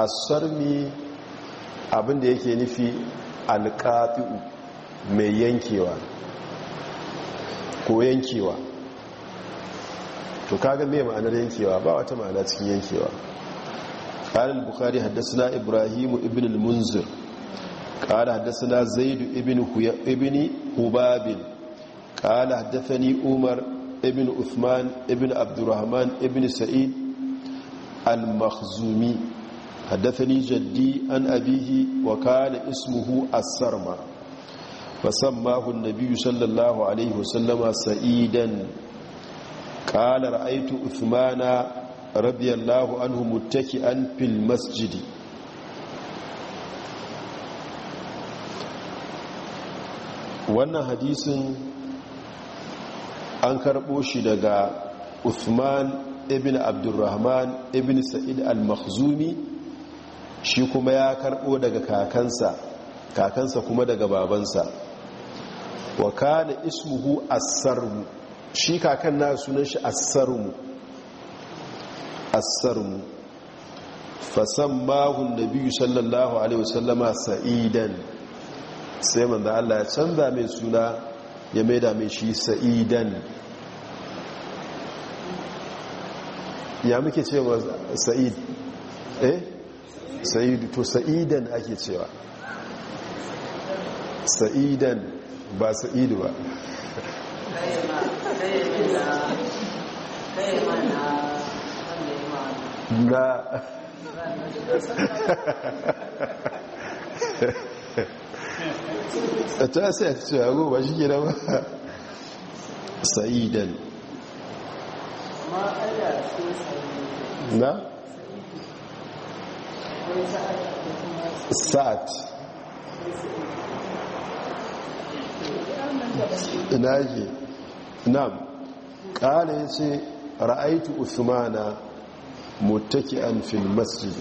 asarmi abinda yake nufi alƙafi'u mai yankewa ko yankewa to kaga mai ma'anar yankewa ba wata ma'ana cikin yankewa قال البخاري حدثنا إبراهيم ابن المنذر قال حدثنا زيد ابن ابن هباب قال حدثني عمر ibn uthman ibn abdurrahman ibn sa'id al-makhzumi haddathani jaddi an abihi wa kana ismuhu as-sarma fasammahu an-nabiy sallallahu alayhi wasallama sa'idan qala ra'aytu uthmana radiyallahu anhu muttaki'an fil masjidi wannan hadisin an karbo shi daga Usman ibn Abdurrahman ibn Sa'id al-Makhzumi shi kuma ya karbo daga kakansa kakansa kuma daga babansa wa kana ismuhu as-sarmu shi kakan na sunan shi as-sarmu as-sarmu fasammahu an-nabi sallallahu alaihi wasallama sa'idan sai manzo Allah ya canza mai suna ya maida mai shi sa'idan ya muke cewa sa'id eh sa'id to sa'idan ake cewa sa'idan ba Sa'id ba na ta sai a cewa ba shi gina ba sa'idan na? sa'ad ina ji na. ƙara ya ce ra'aitu usmana mutaki an fil masjid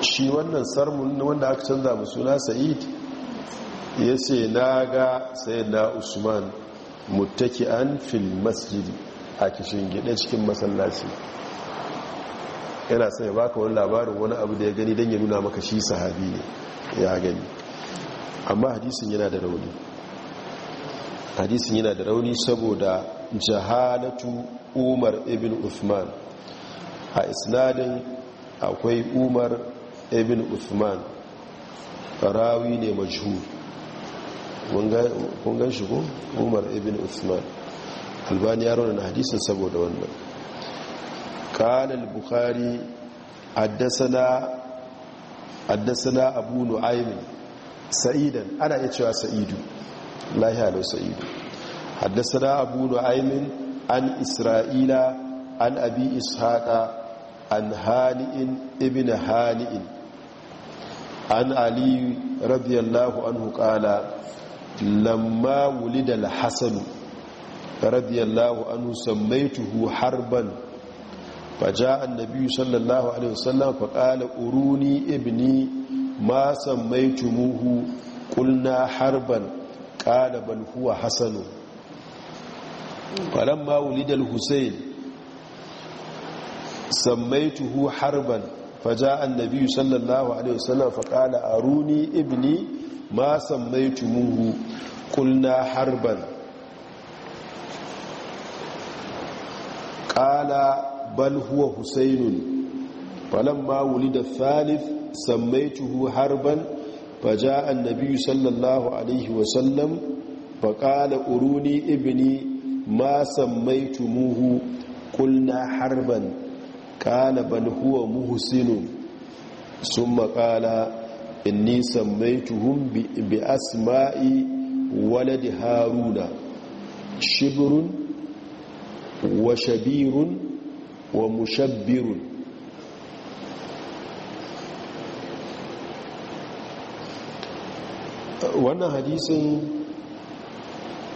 shi wannan sarmun wanda aka canza musu na, sa'id ya ce na ga sai na usman mutaki an fil masjidi a kishin gida cikin masallaci yana sai ya baka wani labarin wani abu da ya gani don ya nuna maka shi sahabi ne ya gani amma hadisin yana da rauni hadisin yana da rauni saboda jahalatu umar ibn uthman a isnadin akwai umar ibn uthman rawi ne majhul kun gan shi ko umar ibn Usman. albani ya raunana hadisin saboda wannan kalal bukhari haddasana abu nu'aymin sa'idan ana iya cewa sa'idu lahiya lau sa'idu haddasana abu nu'aymin an isra'ila an abi ishaqa an hani'in ibn hani'in an ali radiyallahu anhu qala lamma wulida al-hasan radiyallahu anhu sammaituhu harban faja annabi sallallahu alaihi wasallam fa qala uruni ibni ma sammaitumuhu qulna harban qala bal huwa hasan falamma wulida al-husayn sammaituhu harban faja annabi sallallahu alaihi wasallam fa qala aruni ibni ma sammaitumuhu qulna harban ƙala bal huwa husainun falamma wulida thalith sammaituhu harban faja annabi sallallahu alaihi wasallam faƙala uruni ibni ma sammaitumuhu kulna harban ƙala bal huwa muhsinun summa ƙala inni sammaituhum bi asma'i walad haruna shibrun wa shabirun wa mushabbirun wannan hadisin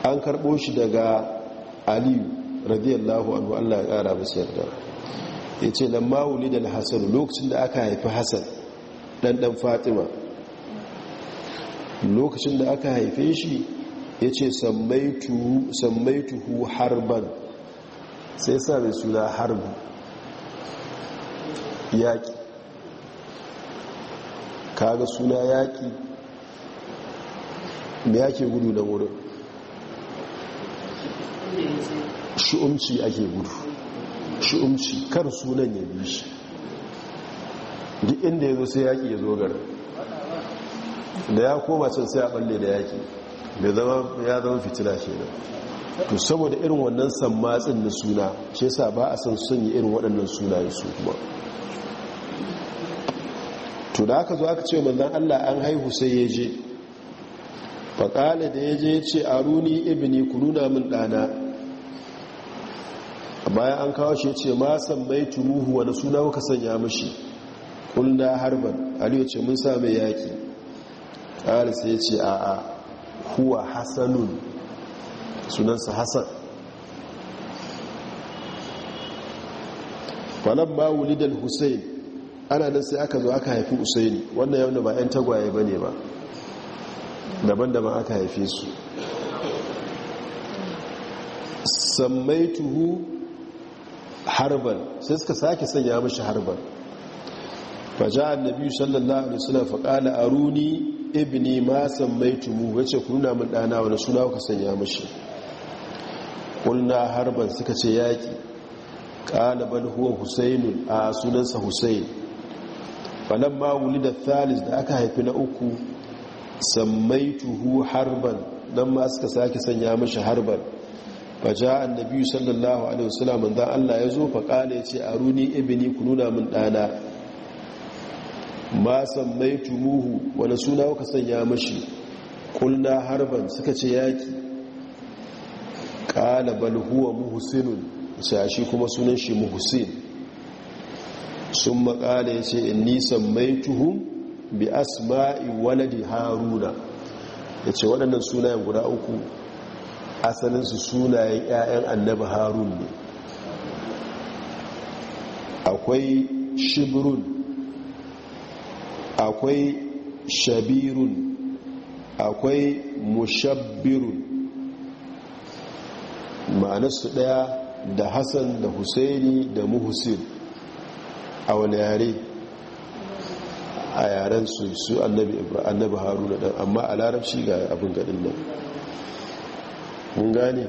an karɓo shi daga aliyu radiyallahu anhu Allah ya kara masu yarda ya ce lamma wuli da hasan lokacin da aka haifi hassan ɗanɗan fatima lokacin da aka haife shi ya ce sammaitu harban sai sa mai suna harbi yaƙi kaga suna yaƙi mai ake gudu na wurin shi'umci ake gudu shi'umci kar sunan ya bi shi duk inda ya zo sai yaƙi ya zo gara da ya koma can sai a ɓalle da yaƙi ya zama fitila ke nan to saboda irin wannan sammatsin na suna shi yasa ba a san sun yi irin waɗannan sunaye su kuma to da aka zo aka ce manzon Allah an haihu sai ya je faƙala da yaje yace, ya ce aruni ibni ku nuna min ɗana bayan an kawo shi yace, ce ma sammai tumuhu wani suna kuka sanya mashi kulna harban aliyu ce mun sa mai yaƙi ƙaris yace ce a'a huwa hasanun sunansa hassan falon ba wulidar hussein ana nan sai aka zo aka haifi Hussaini, wannan yau da ba 'yan tagwaye ba ne ba daban-daban aka haife su sammaituhu harban sai suka sake sanya mashi harban faja annabi sallallahu alaihi wasallam fa na aruni ibni ma sammaituhu wace kuna mun dana wani suna kuka sanya mashi kulna harban suka ce yaƙi ƙalaban huwa husainun a sunansa husain falon ma wuli da thalis da aka haifi na uku tuhu harban don ma suka sake sanya mashi harban ba ja annabi sallallahu alaihi wasallam dan Allah ya zo fa kale ce aruni ibni ku nuna min ɗana. ma sammaitumuhu wala suna kuka sanya mashi kulna harban suka ce yaki kala bal huwa muhsinun shi kuma sunan shi muhsin sun maƙala yace ce in nisan mai tuhum bi asma'i waladi haruna ya ce waɗannan sunayen guda uku asalinsu sunayen 'ya'yan annabi harun ne akwai shibirun akwai shabirun akwai mushabbirun ma'anarsu ɗaya da hassan da husaini da muhusin a wani yare a yaren su su annabi haruna dan amma a larabci ga abin gaɗin nan mun gane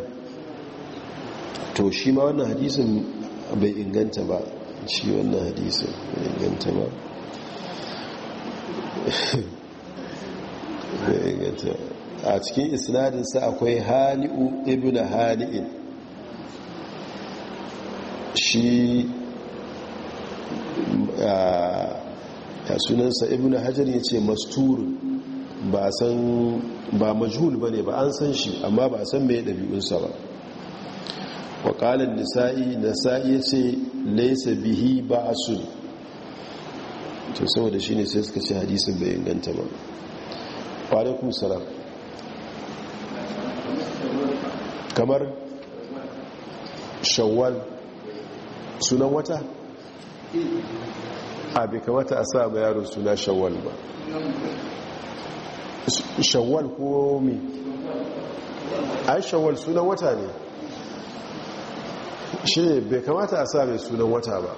to shi ma wannan hadisun bai inganta ba shi wannan hadisun bai inganta ba a cikin isnadinsa akwai hali'u ibn hali'in shi ah, a sunansa ibn hajar ya ce masturin ba san ba ne ne ba an san shi amma ba san mai ɗabi'unsa ba waƙalin nisa'i nisai ya yace laisa bihi ba'sun to saboda shine sai suka ce hadisin bai inganta ba wa salam kamar shawwal sunan wata e. a bai kamata a sa ba yaro suna shawwal ba shawwal ko me ai shawwal sunan wata ne shi bai kamata a sa mai sunan wata ba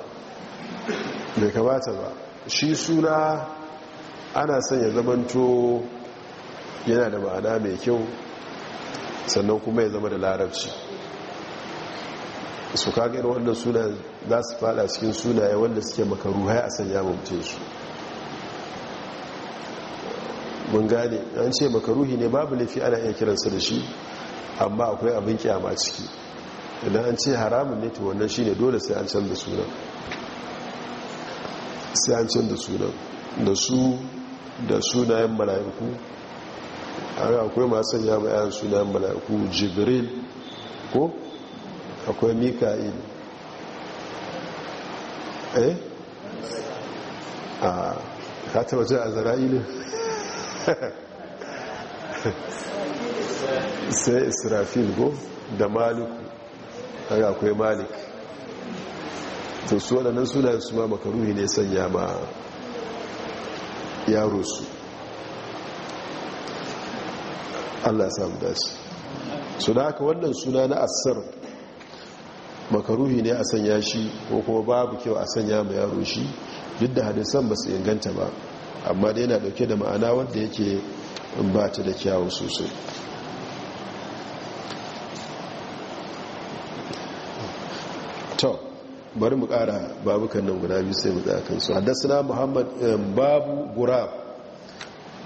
bai kamata ba shi suna ana son ya zamanto yana da ma'ana mai kyau sannan kuma ya zama da larabci su kagar wannan suna za su fada cikin sunaye wanda suke makaru hai a sanya mamce su mun gane an ce makaruhi ne babu laifi ana iya kiransa da shi amma akwai abin kyama ciki idan an ce haramun ne to wannan shine dole sai an canza sunan sai an canza sunan da su da sunayen mala'iku akwai masu sanya bayan sunayen mala'iku jibril ko akwai mika'il eh a ah, kata waje a zara'ilin sai israfil go da maliku haka akwai malik to su waɗannan suna su ma makaruhi ne sanya ma yaro su allah samu dace su da haka wannan suna na asar makaruhi ne a sanya shi ko kuma babu kyau a sanya mai yaro shi duk da hadisan ba su inganta ba amma dai yana dauke da ma'ana wanda yake ba ta da kyawun sosai to bari mu kara babukan nan guda biyu sai mu tsaya kan su haddasa muhammad eh, babu gurab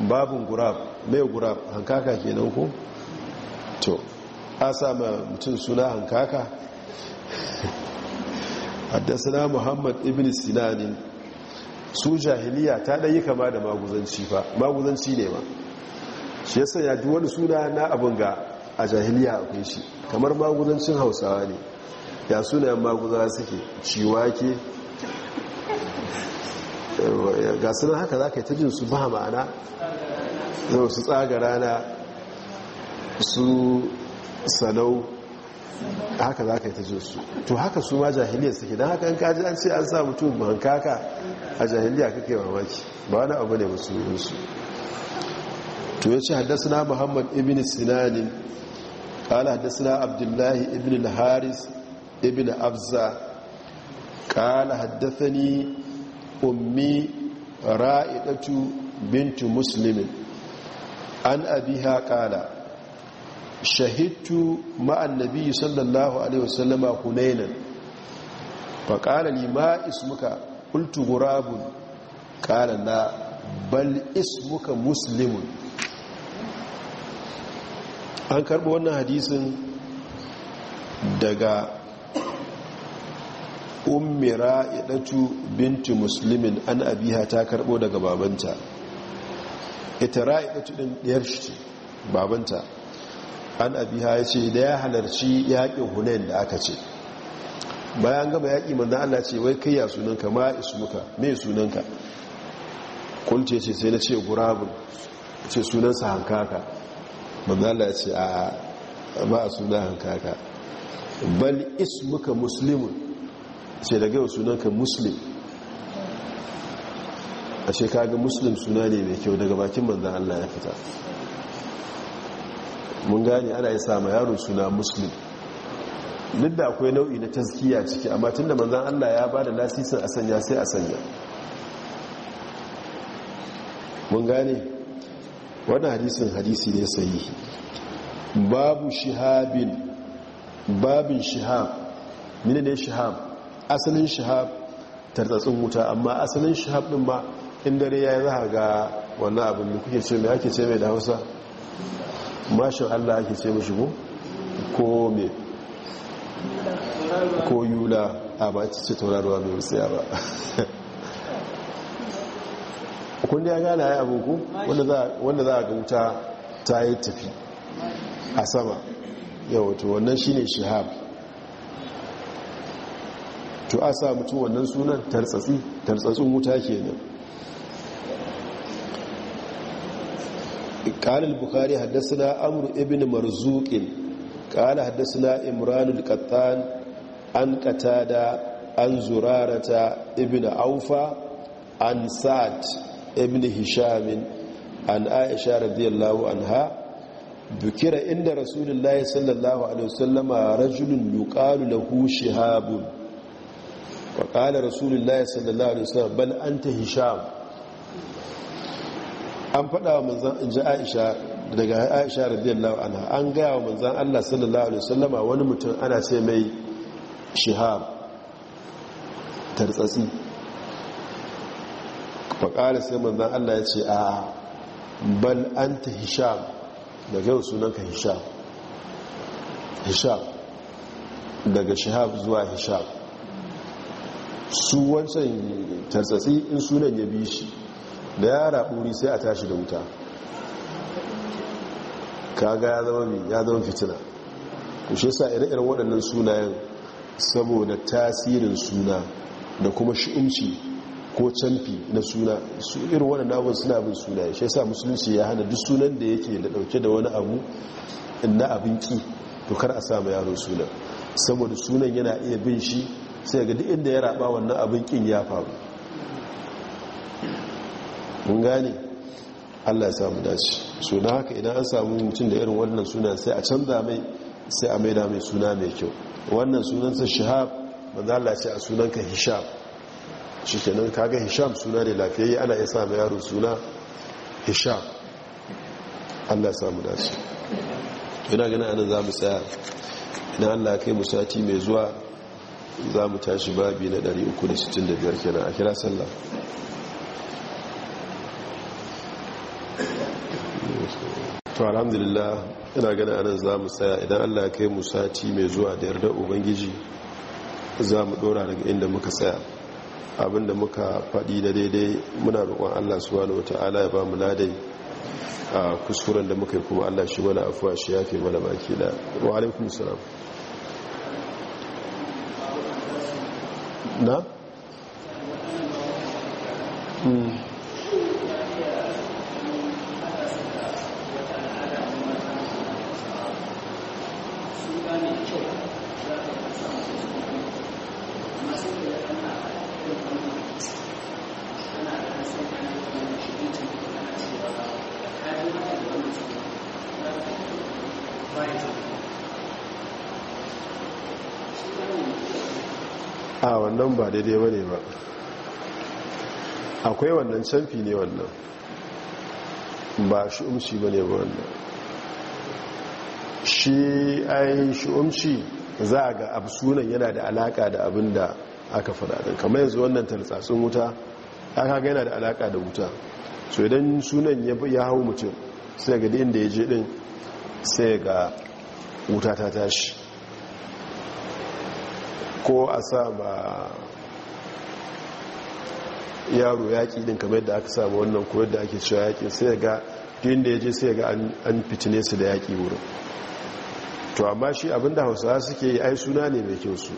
babun gurab mai gurab hankaka kenan ko to a sa mutum suna hankaka haddasa muhammad ibn sinani su jahiliya ta ɗaya kama da maguzanci ba maguzanci ne ba shi ya sanya wani suna na abin ga a jahiliya akwai shi kamar maguzancin hausawa ne ya sunayen maguzawa suke ciwake ga sunan haka za ka yi ta jin su ba ma'ana su tsaga rana su sanau haka za ka yi ta zo su to haka su ma jahiliya suke don haka kaji an ce an sa mutum hankaka a jahiliya kake mamaki ba wani abu ne musulunsu to ya ce haddasa muhammad ibn Sinani, ƙala haddasa abdullahi ibn haris ibn abza ƙala haddasa ni ummi ra'idatu bintu muslimin an abiha kala shahidtu ma'an nabi sallallahu alaihi wasallama hunainan li ma ismuka qultu gurabun qala na bal ismuka muslimun an karbo wannan hadisin daga ummira ra'idatu binti muslimin an abiha ta karbo daga babanta ita ra'idatu ɗin diyar shi babanta an abiha ya ce da ya halarci yaƙin hunayen da aka ce bayan gaba yaƙi manzan allah ce wai kai ya sunanka ma muka mai sunanka kulce ce sai na ce gurabun ce sunansa hankaka manzan allah ya ce a ba a suna hankaka bal muka muslimun ce daga yau sunanka muslim a shekaga muslim suna ne mai kyau daga bakin manzan allah ya fita mun gane ana yi sama yaro suna muslim duk da akwai nau'i na taskiya ciki amma tun da manzan allah ya ba da lasisin a sanya sai a sanya mun gane wani hadisin hadisi ne sayi babu shihabin babin shihab mini ne shihab asalin shihab tartatsun wuta amma asalin shihab din ba in dare ya yi za ga wannan abin da kuke ce mai ake ce mai da hausa mashin allah ake sai mashi ko me ko yula a ba ci ce tauraruwa mai wutsiya ba kun ya gane ya abuku wanda za a ga wuta ta yi tafi a sama yawato wannan shi ne to a sa mutum wannan sunan tartsatsi tartsatsun wuta kenan قال البخاري حدثنا امر ابن مرزوق قال حدثنا عمران القطان عن قتاده عن زراره ابن اوفا عن سعد ابن هشام عن عائشه رضي الله عنها ذكر عند رسول الله صلى الله عليه وسلم رجل يقال له شهاب وقال رسول الله صلى الله عليه وسلم بل انت هشام an faɗa wa manzan in ji aisha daga aisha radiyallahu anha an gaya wa manzan allah sallallahu alaihi wasallama wani mutum ana ce mai shihab tartsatsi faƙari sai manzan allah ya ce a bal an ta hisham daga yau sunanka hisham hisham daga shihab zuwa hisham su wancan tartsatsi in sunan ya bi shi da yara ɓuri sai a tashi da wuta kaga ya zama mai ya zama fitina kushe sa ire-iren waɗannan sunayen saboda tasirin suna da kuma shi'umci ko canfi na suna su irin waɗannan abin suna bin sunaye shi sa musulunci ya hana duk sunan da yake da ɗauke da wani abu na abin ki to kar a samu yaron sunan saboda sunan yana iya bin shi sai ga duk inda ya raba wannan abin kin ya faru mun gane allah ya samu dace so na haka idan an samu mutum da irin wannan suna sai a canza mai sai a maida mai suna mai kyau wannan sunansa shahab manzo allah ce a sunanka hisham shikenan kaga hisham suna ne lafiyayya ana ya sa yaro suna hisham allah ya samu dace ina gina anan za mu tsaya idan allah kai mu sati mai zuwa za mu tashi babi na 365 kenan a kira sallah to alhamdulillah ina gani anan za mu tsaya idan allah kai mu sati mai zuwa da yardar ubangiji za mu dora daga inda muka tsaya abinda muka faɗi da daidai muna roƙon allah subhanahu wa ta'ala ya ba mu ladai a kuskuren da muka yi kuma allah shi mana afuwa shi yafe mana baki da wa alaikum salam na? Hmm. ba daidai ba ne ba akwai wannan canfi ne wannan ba shi umci ba ne ba wannan shi ai shi umci za ga absunan yana da alaka da abin da aka faɗaɗin kamar yanzu wannan talsatsun wuta an haka yana da alaka da wuta so idan sunan ya hau mutum sai ga da ya je din sai ga wuta ta tashi ko a sa ba yaro yaƙi din kamar yadda aka samu wannan ko yadda ake cewa yaƙi sai ga din da ya je sai ga an fitine su da yaƙi wurin to amma shi abinda hausawa suke yi ai suna ne mai kyau su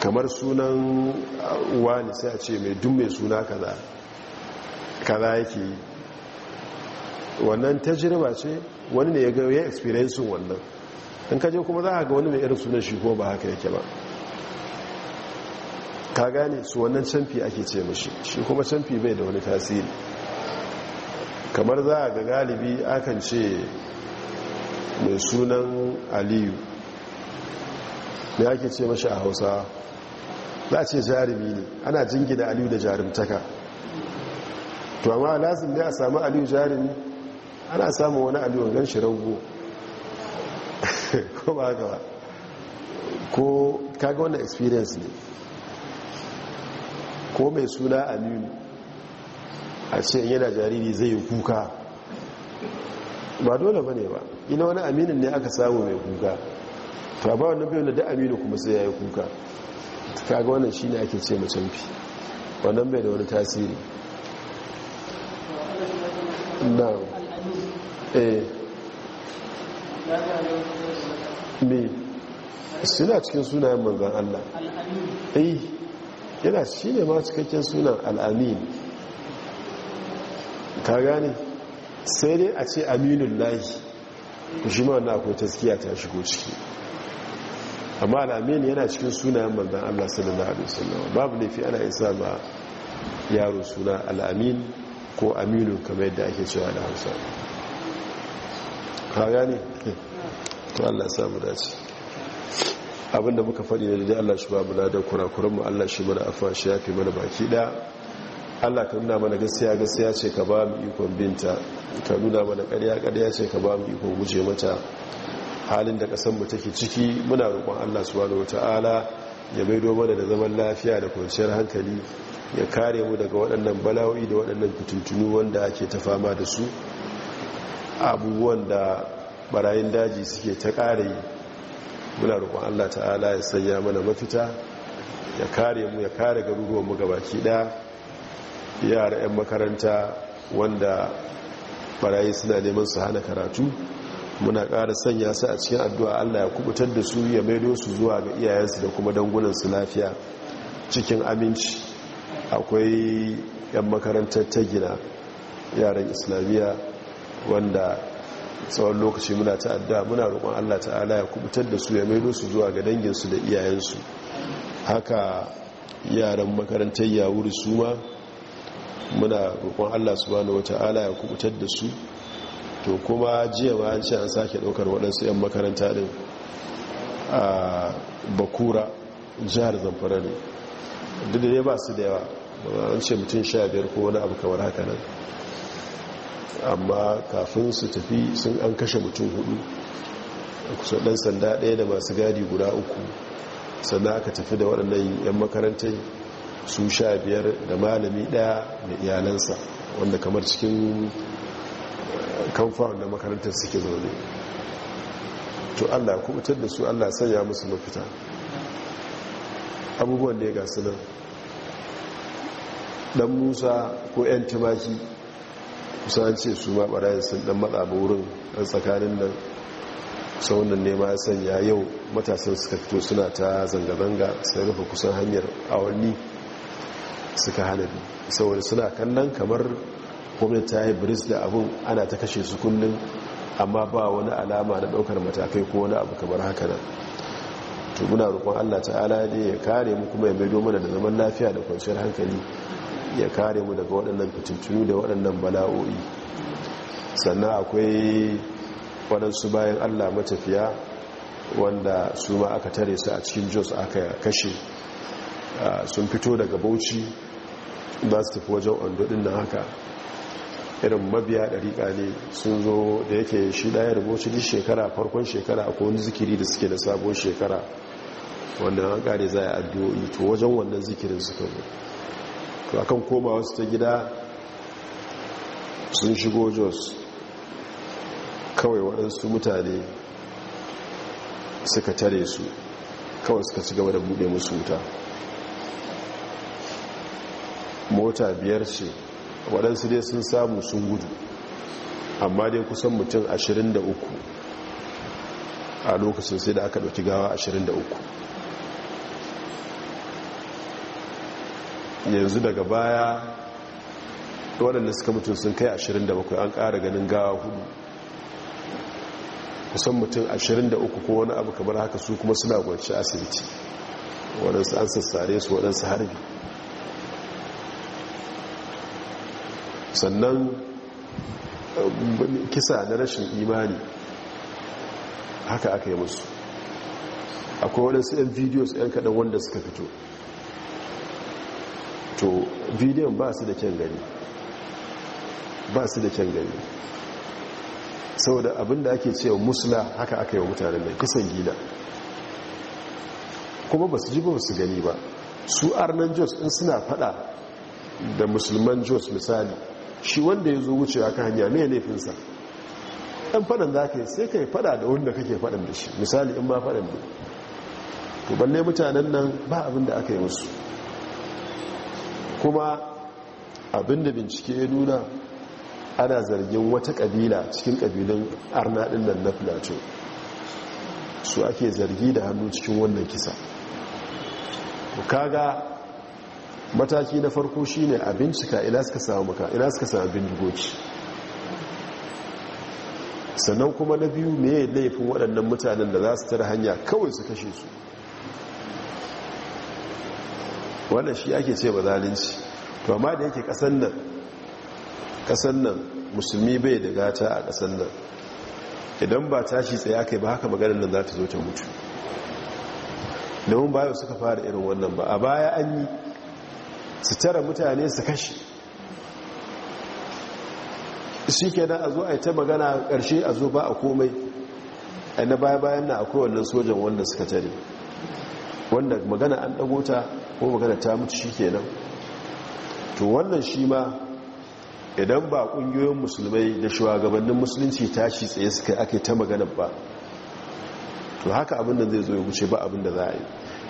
kamar sunan uh, wani sai a ce mai dun mai suna kaza kaza yake yi wannan tajirba ce wani ne ya ga ya experience wannan in kaje kuma za a ga wani mai irin sunan shi ko ba haka yake ba ka gane su wannan canfi ake ce mashi shi kuma canfi bai da wani tasiri kamar za a ga galibi akan ce mai sunan aliyu ne ake ce mashi a hausa za ce jarumi ne ana jingina aliyu da jarumtaka to amma lazim ne a sami aliyu jarumi ana samun wani aliyu gan shi rago ko ba haka ba ko kaga wannan experience ne ko mai suna aminu a ce yana jariri zai yi kuka ba dole ba ne ba ina wani aminin ne aka samu mai kuka ta ba wani bayan da aminu kuma sai ya yi kuka kaga wannan shi ne ake ce macamfi wannan bai da wani tasiri na eh. suna cikin sunayen manzan allah eh yana shi ne ma cikakken sunan al'amin ka gane sai dai a ce Aminu lahi shi ma na akwai taskiya ta shigo ciki amma al'amin yana cikin sunayen manzan allah sallallahu alaihi wasallam babu laifi ana sa ma yaro suna al'amin ko aminu kamar yadda ake cewa da hausa ka gane to allah samu dace abinda muka faɗi da daidai Allah shi ba mu ladan kurakuran mu Allah shi mana afa shi yafi mana baki da Allah ka nuna mana gaskiya gaskiya ce ka ba mu ikon binta ka nuna mana ƙarya ƙarya ce ka ba mu ikon guje mata halin da ƙasar mu take ciki muna roƙon Allah subhanahu wataala ya maido mana da zaman lafiya da kwanciyar hankali ya kare mu daga waɗannan bala'o'i da waɗannan fitintunu wanda ake ta fama da su abubuwan da barayin daji suke ta ƙare muna roƙon allah ta'ala ya sanya mana mafita ya kare mu ya kare garuruwanmu gabaki ɗaya yara 'yan makaranta wanda barayi suna neman su hana karatu muna ƙara sanya su a cikin addu'a allah ya kubutar da su ya maido su zuwa ga iyayensu da kuma dangunansu lafiya cikin aminci akwai 'yan makarantar ta gina yaran islamiyya wanda tsawon lokaci muna ta'adda muna roƙon allah ta'ala ya kubutar da su ya maido su zuwa ga danginsu da iyayensu haka yaran makarantar yawuri su ma muna roƙon allah su wata ta'ala ya kubutar da su to kuma jiya ba an ce an sake ɗaukar waɗansu 'yan makaranta ɗin a bakura jihar zamfara ne duk da ne ba su da yawa an ce mutum sha biyar ko wani abu kamar haka nan amma kafin su tafi sun an kashe mutum hudu a kusa dan sanda ɗaya da masu gadi guda uku sannan aka tafi da waɗannan 'yan makarantar su sha biyar da malami ɗaya da iyalansa wanda kamar cikin kamfan da makarantar suke zaune to allah kubutar da su allah sanya musu mafita abubuwan da ya gasu nan dan musa ko 'yan tumaki kusa an ce su ma barayin sun dan matsa ba wurin tsakanin nan saunan nema ya sanya yau matasan suka fito suna ta zanga-zanga sai rufe kusan hanyar awanni suka hana bi saboda suna kallon kamar gwamnati ta yi biris da abin ana ta kashe su kullum amma ba wani alama na daukar matakai ko wani abu kamar haka nan to muna roƙon Allah ta'ala ne ya kare mu kuma ya maido mana da zaman lafiya da kwanciyar hankali ya kare mu daga waɗannan fitintunu da waɗannan bala'o'i sannan akwai waɗansu bayan allah matafiya wanda su ma aka tare su a cikin jos aka kashe sun fito daga bauchi ba su tafi wajen ondodin na haka irin mabiya ɗariƙa ne sun zo da yake shi ɗaya bauchi duk shekara farkon shekara a wani zikiri da suke da sabon shekara wanda an ƙare za a addu'o'i to wajen wannan zikirin suka zo to akan koma wasu ta gida sun shigo jos kawai waɗansu mutane suka tare su kawai suka ci gaba da buɗe musu wuta mota biyar ce waɗansu dai sun samu sun gudu amma dai kusan mutum 23 a lokacin sai da aka ɗauki gawa 23 yanzu daga baya waɗanda suka mutum sun kai 27 an ƙara ganin gawa hudu kusan mutum 23 ko wani abu kamar haka su kuma suna gwanci asibiti waɗansu an sassare su waɗansu harbi sannan eh, kisa na rashin imani haka aka yi musu akwai waɗansu 'yan videos 'yan kaɗan wanda suka fito to bidiyon ba su da kyan gani ba su da kyan gani saboda abinda ake cewa musula haka aka yi wa mutane mai kisan gida kuma ba su ji ba su gani ba su arnan jos in suna fada da musulman jos misali shi wanda ya zo wuce aka hanya ya laifinsa ɗan fadan da ka yi sai ka yi fada da wanda kake fadan da shi misali in ma fadan da to balle mutanen nan ba abin da aka yi musu kuma abinda bincike ya nuna ana zargin wata kabila cikin kabilun arnaɗin nan na filato su ake zargi da hannu cikin wannan kisa kaga mataki na farko shine a bincika ina suka samu ina suka samu bindigoci sannan kuma na biyu me laifin waɗannan mutanen da za su tara hanya kawai su kashe su wannan shi ake ce ba zalunci to amma da yake kasan nan kasan nan musulmi bai da gata a kasan nan idan ba tashi tsaye aka yi ba haka maganin nan za ta zo ta mutu domin bayo suka fara irin wannan ba a baya an yi su tara mutane su kashe shi kenan a zo a yi ta magana a a zo ba a komai a na baya-bayan na akwai wannan sojan wanda suka tare wanda magana an ɗago ta ko magana ta mutu shi kenan to wannan shi ma idan ba ƙungiyoyin musulmai da shugabannin musulunci tashi tsaye suka ake ta magana ba to haka abin da zai zo ya wuce ba abin da za a yi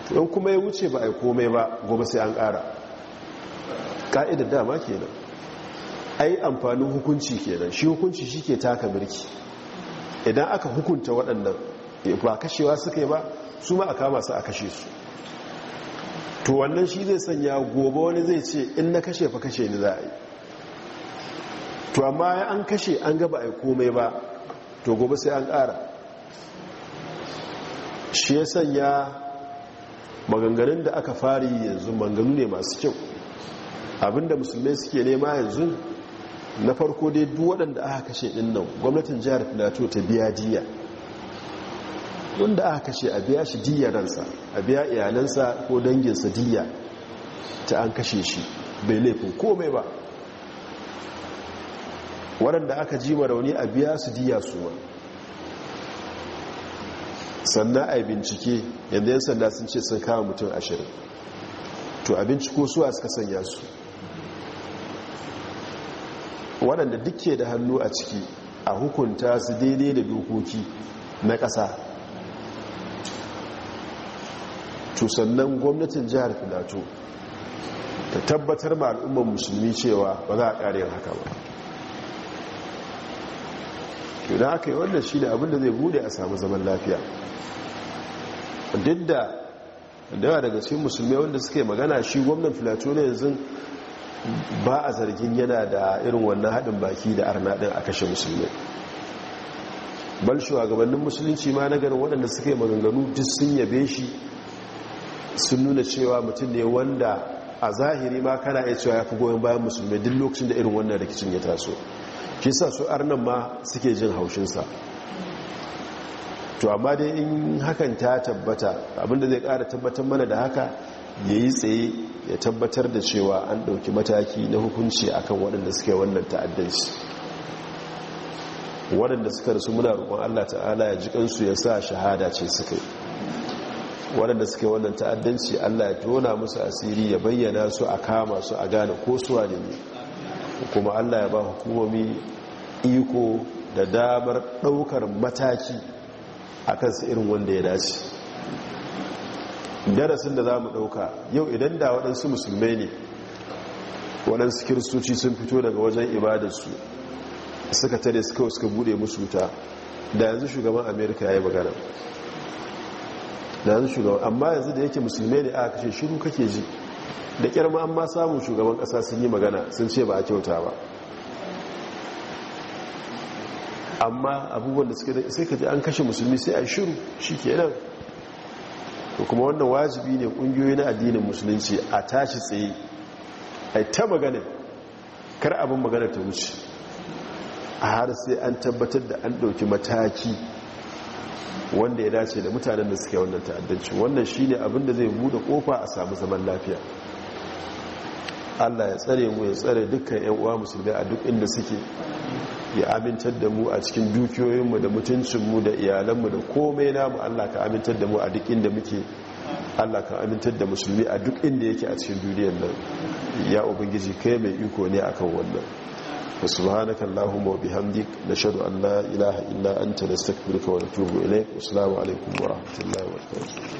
to in kuma ya wuce ba a yi komai ba gobe sai an ƙara ƙa'ida dama kenan yi amfanin hukunci kenan shi hukunci shi ke taka birki, idan aka hukunta waɗannan ba kashewa suka yi ba su ma a kama su a kashe su to wannan shi zai sanya gobe wani zai ce in na kashe fa kashe ni za a yi to amma an kashe an gaba a komai ba to gobe sai an ƙara shi ya sanya maganganun da aka fari yanzu maganganu ne masu kyau abinda musulmai suke nema yanzu na farko dai duk waɗanda aka kashe ɗin nan gwamnatin jihar filato ta biya jiya wanda da aka kashe a biya shi diyar ransa a biya iyalansa ko danginsa diya ta an kashe shi bai laifin komai ba waɗanda aka ji rauni a biya su diya su ba. sannan a yi bincike yadda yan sanda sun ce sun kama mutum ashirin to a binciko suwa suka sanya su waɗanda ke da hannu a ciki a hukunta su daidai da dokoki na ƙasa to sannan gwamnatin jihar filato ta tabbatar ma al'ummar musulmi cewa ba za a yin haka ba da haka yi wannan shi ne da zai bude a samu zaman lafiya duk da dawa daga cikin musulmi wanda suke magana shi gwamnan filato ne yanzu ba a zargin yana da irin wannan haɗin baki da arna ɗin a kashe musulmi bal shugabannin musulunci ma na ganin waɗanda suke maganganu duk sun yabe shi sun nuna cewa mutum ne wanda a zahiri ma kana iya cewa ya fi goyon bayan musulmi duk lokacin da irin wannan rikicin ya taso ke sa su arnan ma suke jin haushinsa to amma dai in hakan ta tabbata abinda zai kara tabbatar mana da haka ya yi tsaye ya tabbatar da cewa an ɗauki mataki na hukunci akan waɗanda suke wannan ta'addanci waɗanda suka rasu muna roƙon allah ta'ala ya ji kansu ya sa shahada ce suka yi waɗanda suke wannan ta'addanci allah ya tona musu asiri ya bayyana su a kama su a gane ko suwa ne kuma allah ya ba hukumomi iko da damar ɗaukar mataki a kansu irin wanda ya dace darasin da za mu ɗauka yau idan da waɗansu musulmai ne waɗansu kiristoci sun fito daga wajen ibadarsu suka tare suka ka bude musu wuta da yanzu shugaban amerika ya yi magana da yanzu shugaban amma yanzu da yake musulmai ne a kashe shiru kake ji da kyarma amma samun shugaban kasa sun yi magana sun ce ba a kyauta ba amma abubuwan da da sai ka ji an kashe musulmi sai a shiru shi kenan to kuma wannan wajibi ne kungiyoyi na addinin musulunci a tashi tsaye a ta magana kar abin magana ta wuce a har sai an tabbatar da an ɗauki mataki wanda ya dace da mutanen da suke wannan ta'addanci wannan shi ne da zai buɗe kofa a samu zaman lafiya allah ya tsare mu ya tsare dukkan 'yan uwa musulmi a duk inda suke ya amintar da mu a cikin dukiyoyinmu da mutuncinmu da iyalanmu da komai namu allah ka amintar da mu a duk inda muke allah ka amintar da musulmi a duk inda yake a cikin duniyar nan ya ubangiji kai mai iko ne akan wannan wa subhanaka allahumma wa da nashhadu an ilaha illa anta nastaghfiruka wa natubu ilayk assalamu alaikum wa rahmatullahi wa barakatuh